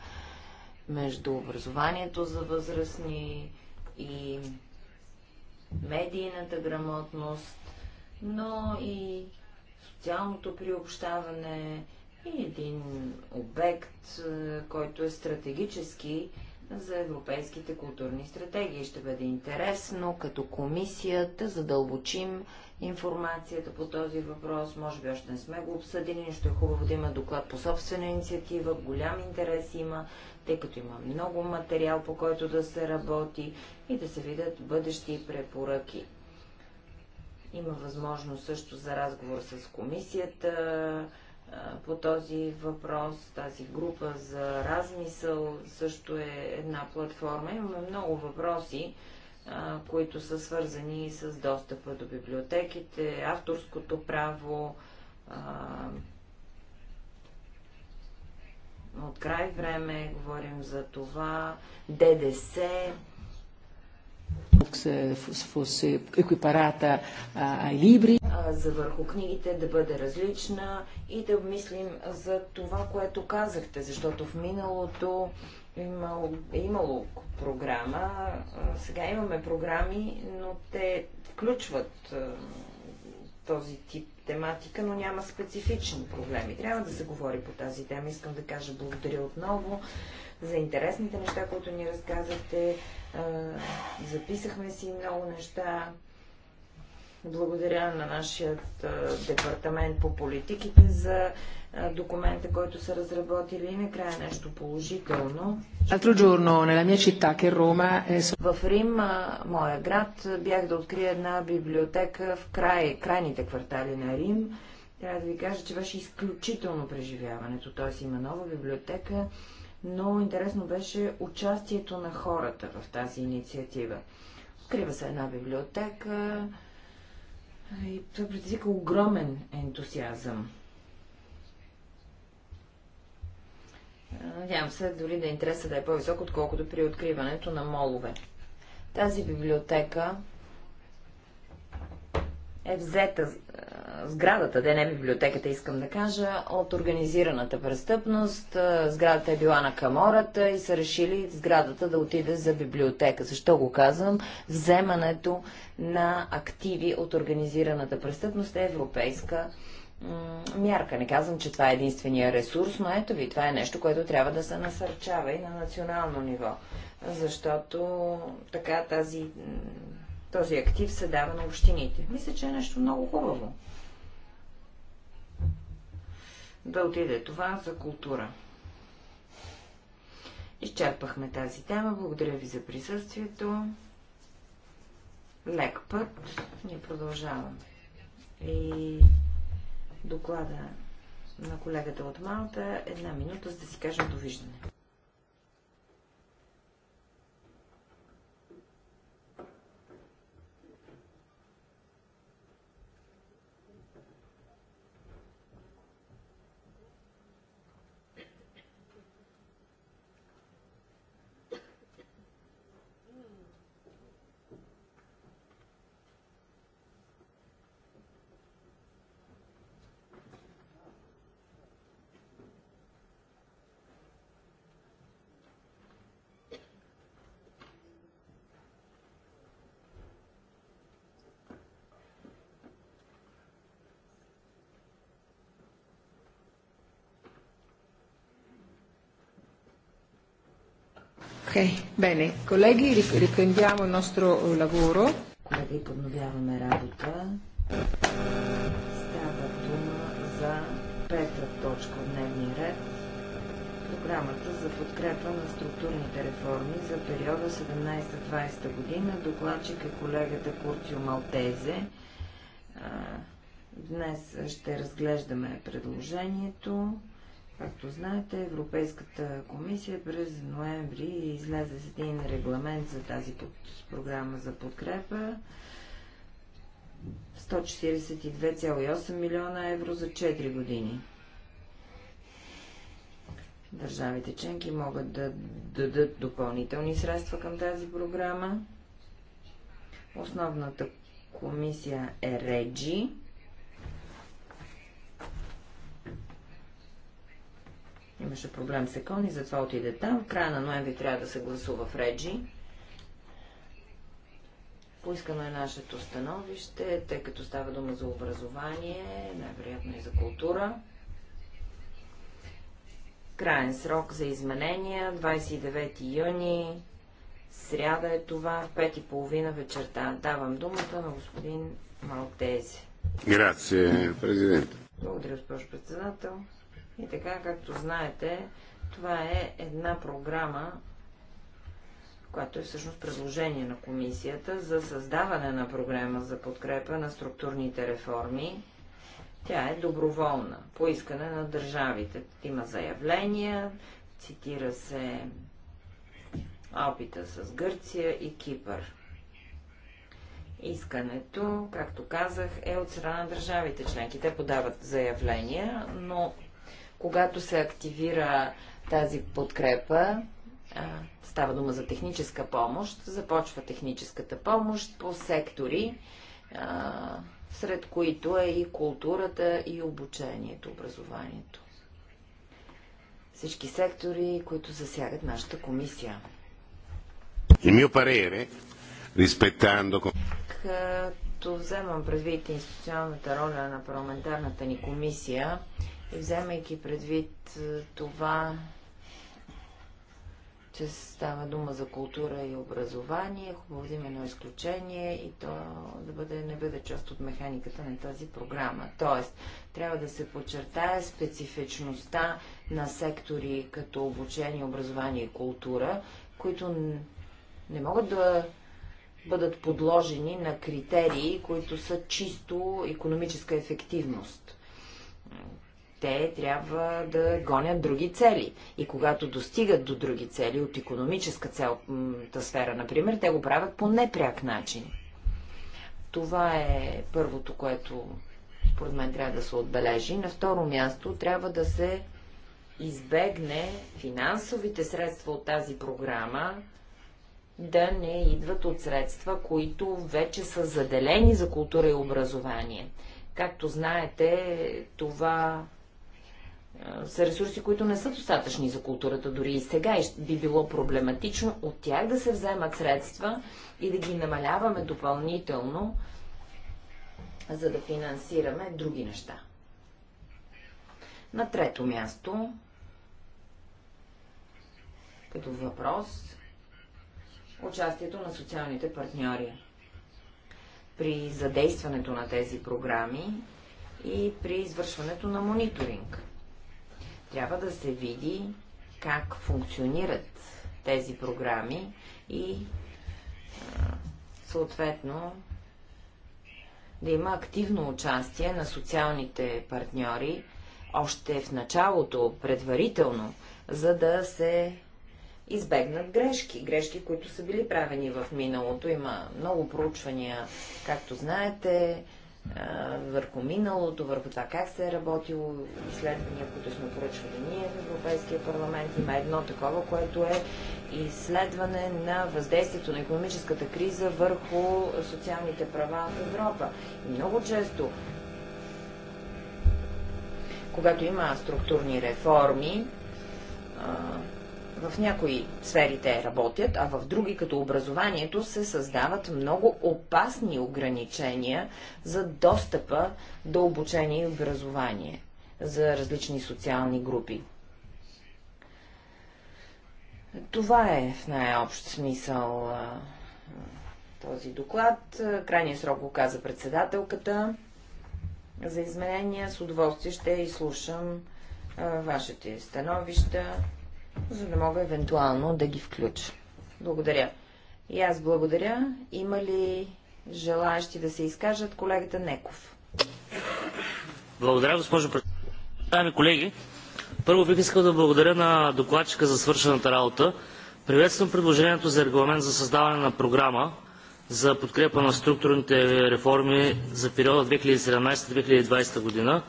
между образованието за възрастни и медийната грамотност, но и социалното приобщаване и един обект, е, който е стратегически за европейските културни стратегии. Ще бъде интересно като комисията. да задълбочим информацията по този въпрос. Може би още не сме го обсъдили, но ще е хубаво да има доклад по собствена инициатива. Голям интерес има, тъй като има много материал, по който да се работи и да се видят бъдещи препоръки. Има възможност също за разговор с комисията по този въпрос. Тази група за размисъл също е една платформа. Имаме много въпроси, които са свързани с достъпа до библиотеките, авторското право, от край време говорим за това, ДДС, fosse екипарата ай либри. За върху книгите да бъде различна и да мислим за това, което казахте, защото в миналото имало, е имало програма. Сега имаме програми, но те включват този тип тематика, но няма специфични проблеми. Трябва да се говори по тази тема. Искам да кажа благодаря отново за интересните неща, които ни разказахте е, записахме си много неща. Благодаря на нашият е, департамент по политиките за е, документа, който са разработили и накрая нещо положително. В Рим, моя град, бях да открия една библиотека в край, крайните квартали на Рим. Трябва да ви кажа, че беше изключително преживяването. Тоест има нова библиотека, но интересно беше участието на хората в тази инициатива. Открива се една библиотека и това предизвика огромен ентусиазъм. Надявам се дори да интереса да е по-висок, отколкото при откриването на молове. Тази библиотека е взета сградата, да не библиотеката, искам да кажа, от организираната престъпност. Сградата е била на камората и са решили сградата да отиде за библиотека. Защо го казвам? Вземането на активи от организираната престъпност е европейска мярка. Не казвам, че това е единствения ресурс, но ето ви, това е нещо, което трябва да се насърчава и на национално ниво. Защото така тази този актив се дава на общините. Мисля, че е нещо много хубаво да отиде това за култура. Изчерпахме тази тема. Благодаря ви за присъствието. Лек път. Ние продължаваме. И доклада на колегата от Малта една минута, за да си кажем довиждане. Ok, bene. Колеги, riprendiamo il nostro eh, lavoro. Колеги, подновяваме работа. Става дума за пета точка дневния ред. Програмата за подкрепа на структурните реформи за периода 17-20 година. Докладчик е колегата Куртио Малтезе. Днес ще разглеждаме предложението. Както знаете, Европейската комисия през ноември излезе с един регламент за тази под... програма за подкрепа. 142,8 милиона евро за 4 години. Държавите членки могат да дадат допълнителни средства към тази програма. Основната комисия е Реджи Имаше проблем с Екон и затова отиде там. В края на ноември трябва да се гласува в Реджи. Поискано е нашето становище, тъй като става дума за образование, най-вероятно и за култура. Краен срок за изменения 29 юни. Сряда е това, в пет и половина вечерта. Давам думата на господин Малтези. Грация, президент. Благодаря, госпожо председател. И така, както знаете, това е една програма, която е всъщност предложение на комисията за създаване на програма за подкрепа на структурните реформи. Тя е доброволна, по искане на държавите. Има заявления, цитира се опита с Гърция и Кипър. Искането, както казах, е от страна на държавите членки. Те подават заявления, но когато се активира тази подкрепа, става дума за техническа помощ, започва техническата помощ по сектори, сред които е и културата, и обучението, образованието. Всички сектори, които засягат нашата комисия. И mio parere, rispettando... Като вземам предвид институционалната роля на парламентарната ни комисия и вземайки предвид е, това, че става дума за култура и образование, хубаво да има едно изключение и то да бъде, не бъде част от механиката на тази програма. Тоест, трябва да се подчертая специфичността на сектори като обучение, образование и култура, които не могат да бъдат подложени на критерии, които са чисто економическа ефективност те трябва да гонят други цели. И когато достигат до други цели, от економическа та сфера, например, те го правят по непряк начин. Това е първото, което според мен трябва да се отбележи. На второ място трябва да се избегне финансовите средства от тази програма да не идват от средства, които вече са заделени за култура и образование. Както знаете, това е, са ресурси, които не са достатъчни за културата, дори и сега и би било проблематично от тях да се вземат средства и да ги намаляваме допълнително, за да финансираме други неща. На трето място, като въпрос, участието на социалните партньори. При задействането на тези програми и при извършването на мониторинг. Трябва да се види как функционират тези програми и съответно да има активно участие на социалните партньори още в началото, предварително, за да се избегнат грешки. Грешки, които са били правени в миналото. Има много проучвания, както знаете, върху миналото, върху това как се е работило, изследвания, които сме поръчвали ние в Европейския парламент. Има едно такова, което е изследване на въздействието на економическата криза върху социалните права в Европа. И много често, когато има структурни реформи, в някои сфери те работят, а в други, като образованието, се създават много опасни ограничения за достъпа до обучение и образование за различни социални групи. Това е в най-общ смисъл този доклад. Крайния срок го каза председателката. За изменения с удоволствие ще изслушам вашите становища за да мога евентуално да ги включа. Благодаря. И аз благодаря. Има ли желаящи да се изкажат колегата Неков? Благодаря, госпожо председател. колеги, първо бих искал да благодаря на докладчика за свършената работа. Приветствам предложението за регламент за създаване на програма за подкрепа на структурните реформи за периода 2017-2020 година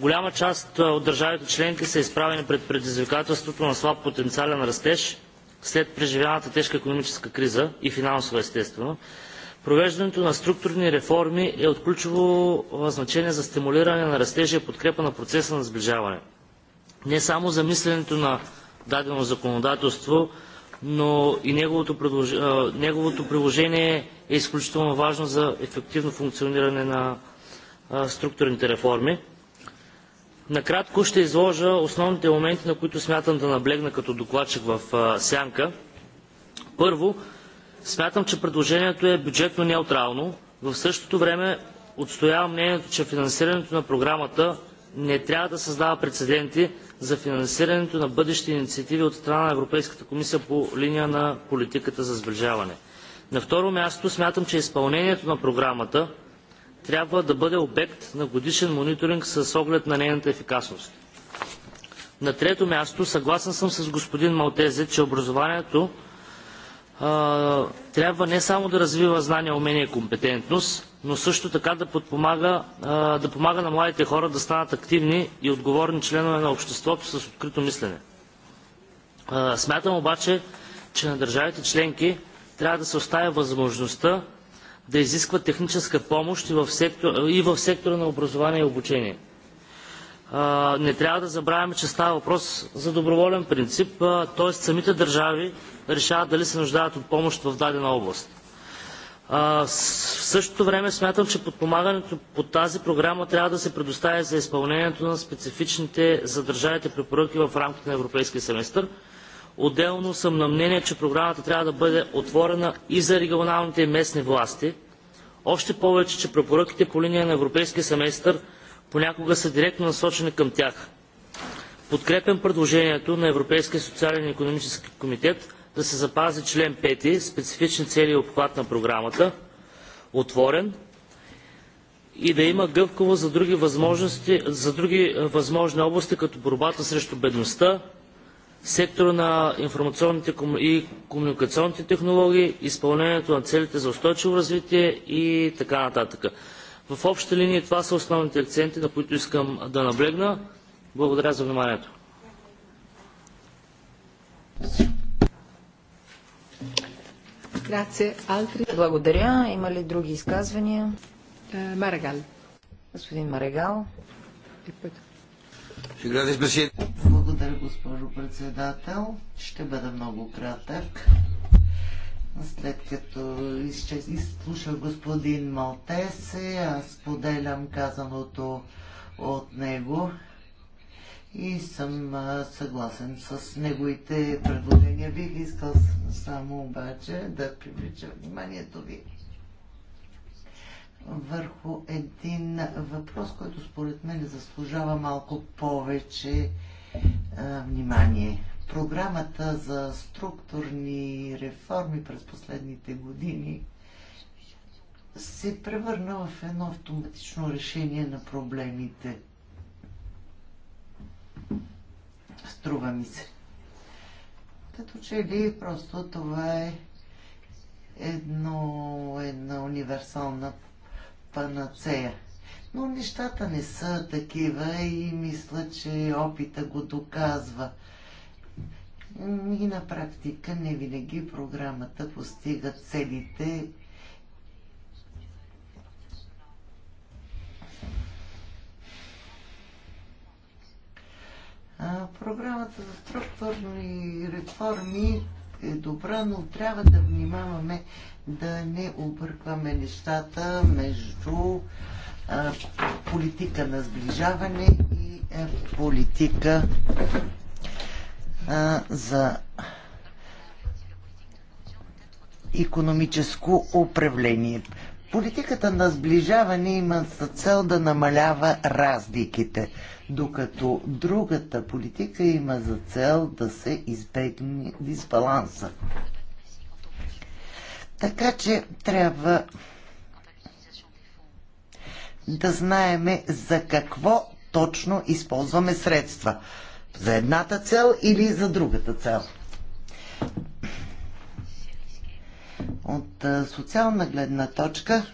Голяма част от държавите членки са изправени пред предизвикателството на слаб потенциален растеж след преживяната тежка економическа криза и финансова естествено. Провеждането на структурни реформи е от ключово значение за стимулиране на растежа и подкрепа на процеса на сближаване. Не само за мисленето на дадено законодателство, но и неговото, неговото приложение е изключително важно за ефективно функциониране на структурните реформи. Накратко ще изложа основните моменти, на които смятам да наблегна като докладчик в сянка. Първо, смятам, че предложението е бюджетно неутрално. В същото време отстоявам мнението, че финансирането на програмата не трябва да създава прецеденти за финансирането на бъдещи инициативи от страна на Европейската комисия по линия на политиката за сближаване. На второ място смятам, че изпълнението на програмата трябва да бъде обект на годишен мониторинг с оглед на нейната ефикасност. На трето място, съгласен съм с господин Малтезе, че образованието а, трябва не само да развива знания, умения и компетентност, но също така да, подпомага, а, да помага на младите хора да станат активни и отговорни членове на обществото с открито мислене. А, смятам обаче, че на държавите членки трябва да се оставя възможността да изискват техническа помощ и в, и в сектора на образование и обучение. не трябва да забравяме, че става въпрос за доброволен принцип, т.е. самите държави решават дали се нуждаят от помощ в дадена област. в същото време смятам, че подпомагането по тази програма трябва да се предоставя за изпълнението на специфичните за държавите препоръки в рамките на Европейския семестър, Отделно съм на мнение, че програмата трябва да бъде отворена и за регионалните и местни власти, още повече, че препоръките по линия на европейския семестър понякога са директно насочени към тях. Подкрепям предложението на Европейския социален и економически комитет да се запази член 5, специфични цели и обхват на програмата, отворен и да има гъвкаво за други, възможности, за други е, възможни области, като борбата срещу бедността, сектора на информационните и комуникационните технологии, изпълнението на целите за устойчиво развитие и така нататък. В общи линии това са основните акценти, на които искам да наблегна. Благодаря за вниманието. Благодаря. Има ли други изказвания? Е, Марагал. Господин Марагал. Благодаря, госпожо председател. Ще бъда много кратък. След като изслушах господин Малтесе, аз поделям казаното от него и съм съгласен с неговите предложения. Бих искал само обаче да привлича вниманието ви върху един въпрос, който според мен заслужава малко повече внимание. Програмата за структурни реформи през последните години се превърна в едно автоматично решение на проблемите. Струва ми се. Като че ли просто това е едно, една универсална панацея но нещата не са такива и мисля, че опита го доказва. И на практика не винаги програмата постига целите. А, програмата за структурни реформи е добра, но трябва да внимаваме да не объркваме нещата между политика на сближаване и е, политика за економическо управление. Политиката на сближаване има за цел да намалява разликите, докато другата политика има за цел да се избегне дисбаланса. Така че трябва да знаеме за какво точно използваме средства. За едната цел или за другата цел. От социална гледна точка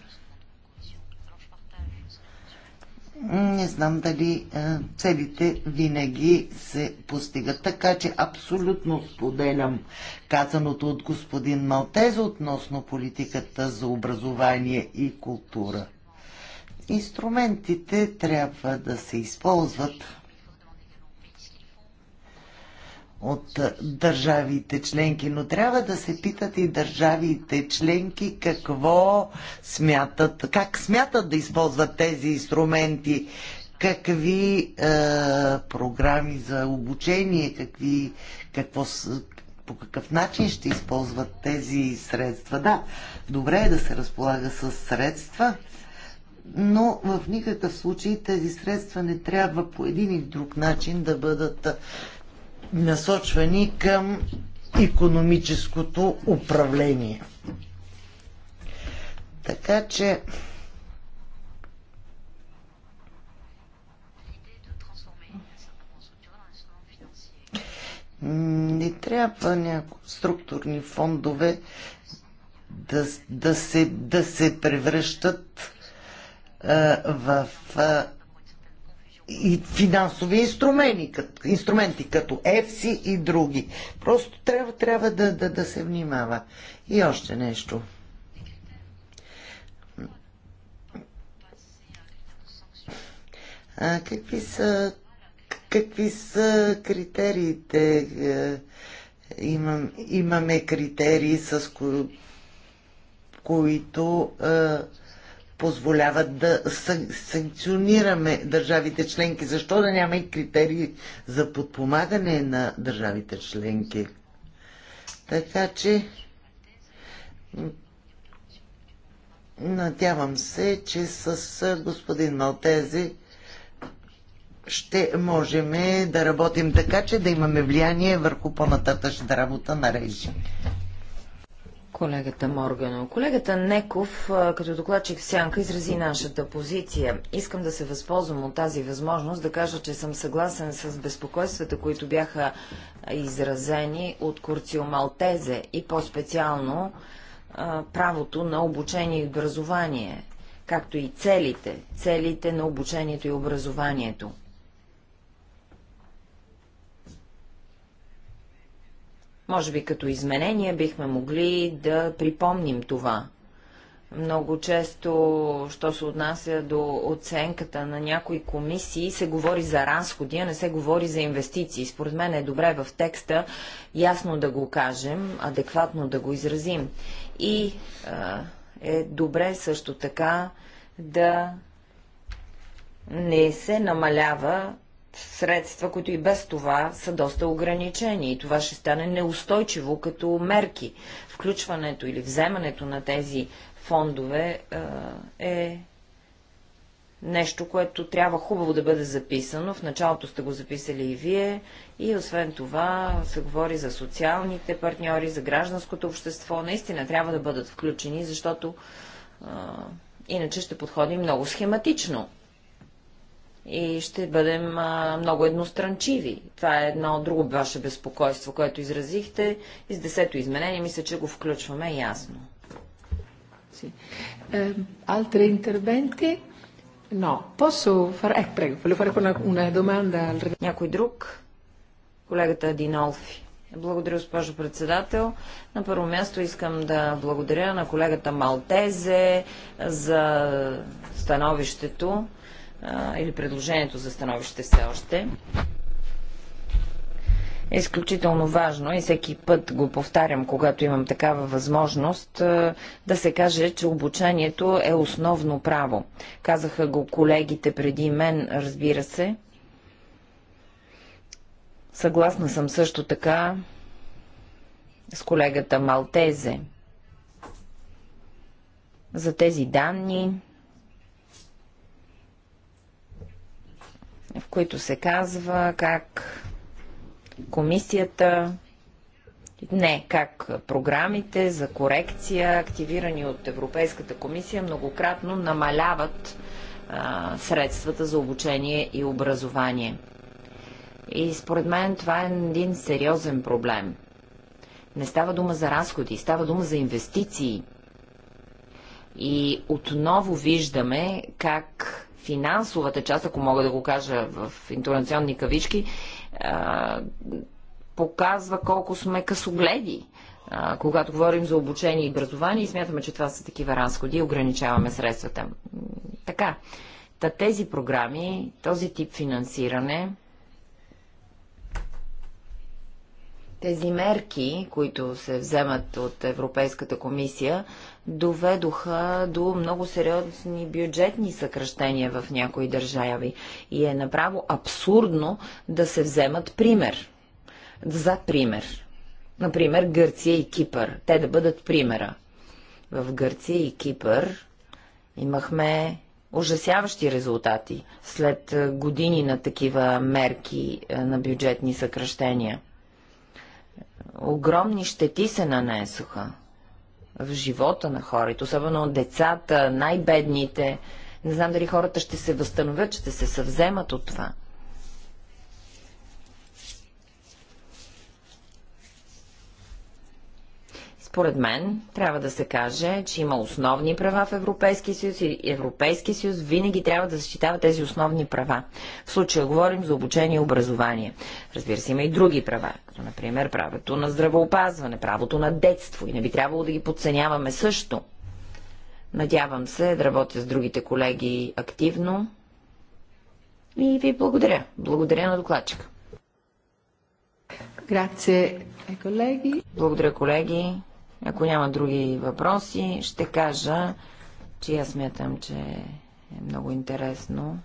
не знам дали целите винаги се постигат. Така че абсолютно споделям казаното от господин Малтез относно политиката за образование и култура. Инструментите трябва да се използват от държавите членки, но трябва да се питат и държавите членки какво смятат, как смятат да използват тези инструменти, какви е, програми за обучение, какви, какво, по какъв начин ще използват тези средства. Да, добре е да се разполага с средства, но в никакъв случай тези средства не трябва по един или друг начин да бъдат насочвани към економическото управление. Така че не трябва някои структурни фондове да, да, се, да се превръщат е, в е, и финансови инструменти, като, инструменти като ЕФСИ и други. Просто трябва, трябва да, да, да се внимава. И още нещо. А, какви са какви са критериите? Е, имам, имаме критерии, с кои, които а, позволяват да санкционираме държавите членки. Защо да няма и критерии за подпомагане на държавите членки? Така че надявам се, че с господин Малтези ще можем да работим така, че да имаме влияние върху по-нататъчната работа на режим колегата Моргано. Колегата Неков, като докладчик в Сянка, изрази нашата позиция. Искам да се възползвам от тази възможност да кажа, че съм съгласен с безпокойствата, които бяха изразени от Курцио Малтезе и по-специално правото на обучение и образование, както и целите, целите на обучението и образованието. Може би като изменение бихме могли да припомним това. Много често, що се отнася до оценката на някои комисии, се говори за разходи, а не се говори за инвестиции. Според мен е добре в текста ясно да го кажем, адекватно да го изразим. И е, е добре също така да не се намалява средства, които и без това са доста ограничени и това ще стане неустойчиво като мерки. Включването или вземането на тези фондове е нещо, което трябва хубаво да бъде записано. В началото сте го записали и вие. И освен това се говори за социалните партньори, за гражданското общество. Наистина трябва да бъдат включени, защото а, иначе ще подходим много схематично и ще бъдем а, много едностранчиви. Това е едно друго ваше безпокойство, което изразихте. И с десето изменение мисля, че го включваме ясно. Altri interventi? No, posso fare... Eh, prego, voglio fare una, una domanda al... Някой друг? Колегата Динолфи. Благодаря, госпожо председател. На първо място искам да благодаря на колегата Малтезе за становището или предложението за становище все още, е изключително важно и всеки път го повтарям, когато имам такава възможност, да се каже, че обучението е основно право. Казаха го колегите преди мен, разбира се. Съгласна съм също така с колегата Малтезе за тези данни, в които се казва как комисията, не, как програмите за корекция, активирани от Европейската комисия, многократно намаляват а, средствата за обучение и образование. И според мен това е един сериозен проблем. Не става дума за разходи, става дума за инвестиции. И отново виждаме как финансовата част, ако мога да го кажа в интонационни кавички, показва колко сме късогледи. Когато говорим за обучение и образование, и смятаме, че това са такива разходи и ограничаваме средствата. Така, тези програми, този тип финансиране Тези мерки, които се вземат от Европейската комисия, доведоха до много сериозни бюджетни съкръщения в някои държави. И е направо абсурдно да се вземат пример. За пример. Например, Гърция и Кипър. Те да бъдат примера. В Гърция и Кипър имахме ужасяващи резултати след години на такива мерки е, на бюджетни съкръщения огромни щети се нанесоха в живота на хората, особено от децата, най-бедните. Не знам дали хората ще се възстановят, ще се съвземат от това. Според мен трябва да се каже, че има основни права в Европейския съюз и Европейския съюз винаги трябва да защитава тези основни права. В случая говорим за обучение и образование. Разбира се, има и други права, като например правото на здравеопазване, правото на детство и не би трябвало да ги подценяваме също. Надявам се да работя с другите колеги активно и ви благодаря. Благодаря на докладчика. Грация, колеги. Благодаря, колеги. Ако няма други въпроси, ще кажа, че аз смятам, че е много интересно.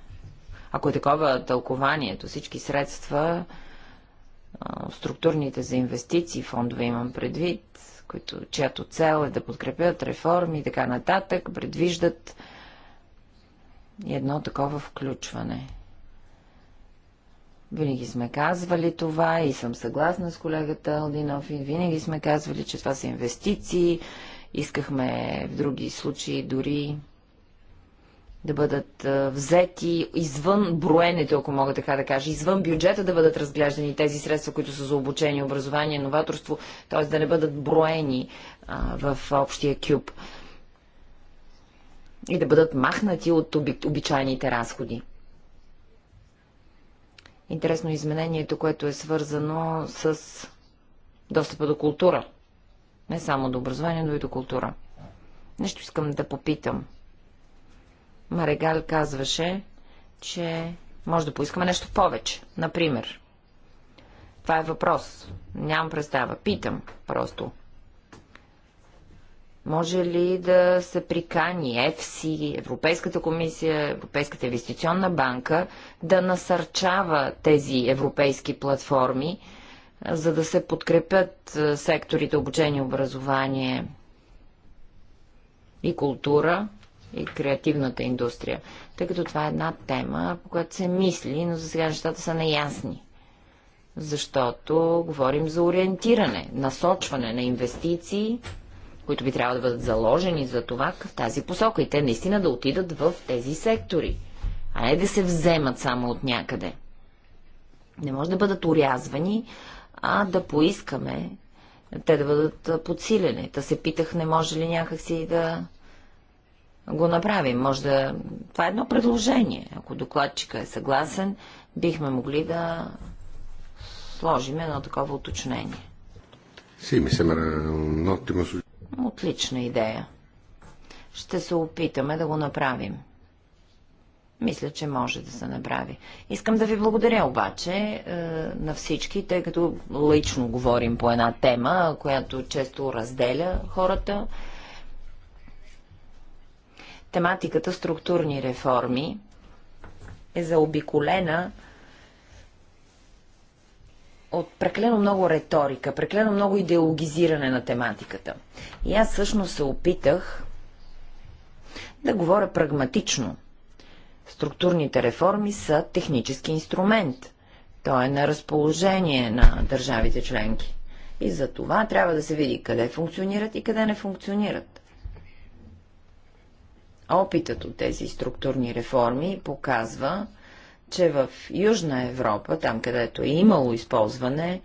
Ако е такова тълкованието, всички средства, структурните за инвестиции, фондове имам предвид, които, чиято цел е да подкрепят реформи и така нататък, предвиждат едно такова включване. Винаги сме казвали това и съм съгласна с колегата Алдинов и винаги сме казвали, че това са инвестиции. Искахме в други случаи дори да бъдат взети извън броенето, ако мога така да кажа, извън бюджета да бъдат разглеждани тези средства, които са за обучение, образование, новаторство, т.е. да не бъдат броени а, в общия кюб и да бъдат махнати от обичайните разходи. Интересно изменението, което е свързано с достъпа до култура. Не само до образование, но и до култура. Нещо искам да попитам. Марегал казваше, че може да поискаме нещо повече. Например, това е въпрос. Нямам представа. Питам просто. Може ли да се прикани ЕФСИ, Европейската комисия, Европейската инвестиционна банка да насърчава тези европейски платформи, за да се подкрепят секторите обучение, образование и култура и креативната индустрия? Тъй като това е една тема, по която се мисли, но за сега нещата са неясни защото говорим за ориентиране, насочване на инвестиции които би трябвало да бъдат заложени за това в тази посока и те наистина да отидат в тези сектори, а не да се вземат само от някъде. Не може да бъдат урязвани, а да поискаме те да бъдат подсилени. Та се питах, не може ли някакси да го направим. Може да... Това е едно предложение. Ако докладчика е съгласен, бихме могли да сложим едно такова уточнение. Sì, mi sembra un ottimo Отлична идея. Ще се опитаме да го направим. Мисля, че може да се направи. Искам да ви благодаря обаче е, на всички, тъй като лично говорим по една тема, която често разделя хората. Тематиката структурни реформи е заобиколена от прекалено много риторика, прекалено много идеологизиране на тематиката. И аз всъщност се опитах да говоря прагматично. Структурните реформи са технически инструмент. Той е на разположение на държавите членки. И за това трябва да се види къде функционират и къде не функционират. Опитът от тези структурни реформи показва, че в Южна Европа, там където е имало използване,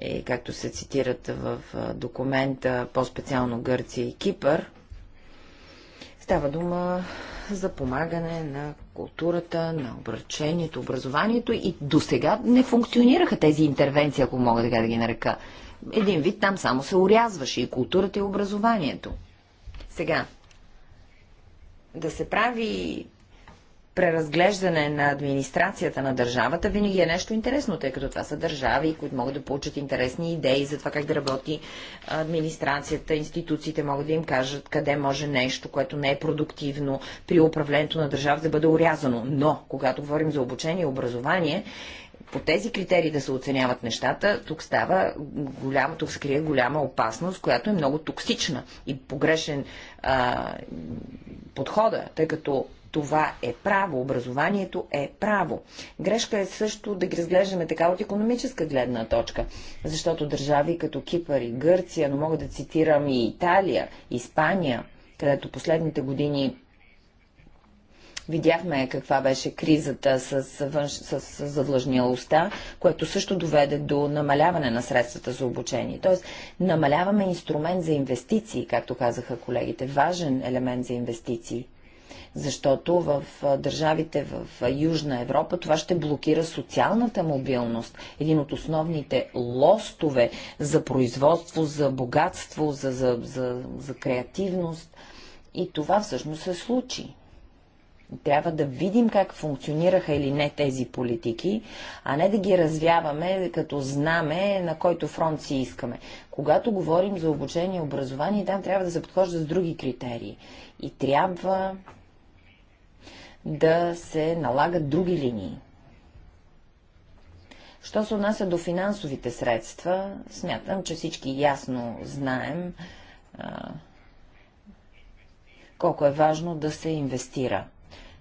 и както се цитират в документа, по-специално Гърция и Кипър, става дума за помагане на културата, на обръчението, образованието и до сега не функционираха тези интервенции, ако мога така да ги нарека. Един вид там само се урязваше и културата и образованието. Сега, да се прави преразглеждане на администрацията на държавата винаги е нещо интересно, тъй като това са държави, които могат да получат интересни идеи за това как да работи администрацията, институциите могат да им кажат къде може нещо, което не е продуктивно при управлението на държавата да бъде урязано. Но, когато говорим за обучение и образование, по тези критерии да се оценяват нещата, тук става голяма, тук скрие голяма опасност, която е много токсична и погрешен а, подхода, тъй като това е право. Образованието е право. Грешка е също да ги разглеждаме така от економическа гледна точка, защото държави като Кипър и Гърция, но мога да цитирам и Италия, Испания, където последните години Видяхме каква беше кризата с, външ... с задлъжнялостта, което също доведе до намаляване на средствата за обучение. Тоест, намаляваме инструмент за инвестиции, както казаха колегите, важен елемент за инвестиции – защото в държавите в Южна Европа това ще блокира социалната мобилност, един от основните лостове за производство, за богатство, за, за, за, за креативност. И това всъщност се случи. Трябва да видим как функционираха или не тези политики, а не да ги развяваме като знаме на който фронт си искаме. Когато говорим за обучение и образование, там трябва да се подхожда с други критерии. И трябва да се налагат други линии. Що се отнася до финансовите средства, смятам, че всички ясно знаем а, колко е важно да се инвестира,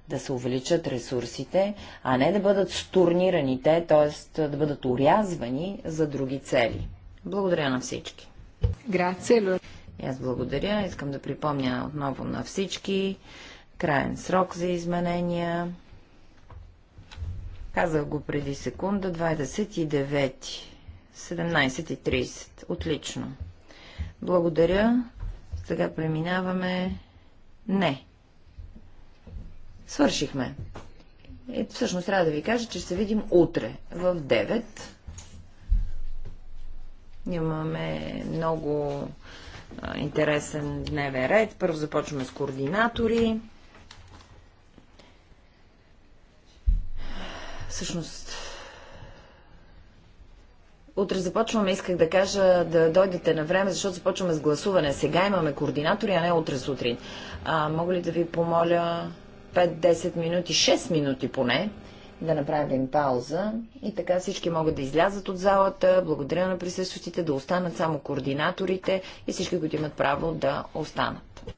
да се увеличат ресурсите, а не да бъдат стурнирани те, т.е. да бъдат урязвани за други цели. Благодаря на всички. Грация, Аз благодаря. Искам да припомня отново на всички, Краен срок за изменения. Казах го преди секунда. 29. 17.30. Отлично. Благодаря. Сега преминаваме. Не. Свършихме. И всъщност трябва да ви кажа, че се видим утре в 9. Имаме много интересен дневен ред. Първо започваме с координатори. Всъщност, утре започваме, исках да кажа, да дойдете на време, защото започваме с гласуване. Сега имаме координатори, а не утре сутрин. А, мога ли да ви помоля 5-10 минути, 6 минути поне, да направим пауза и така всички могат да излязат от залата. Благодаря на присъстващите, да останат само координаторите и всички, които имат право да останат.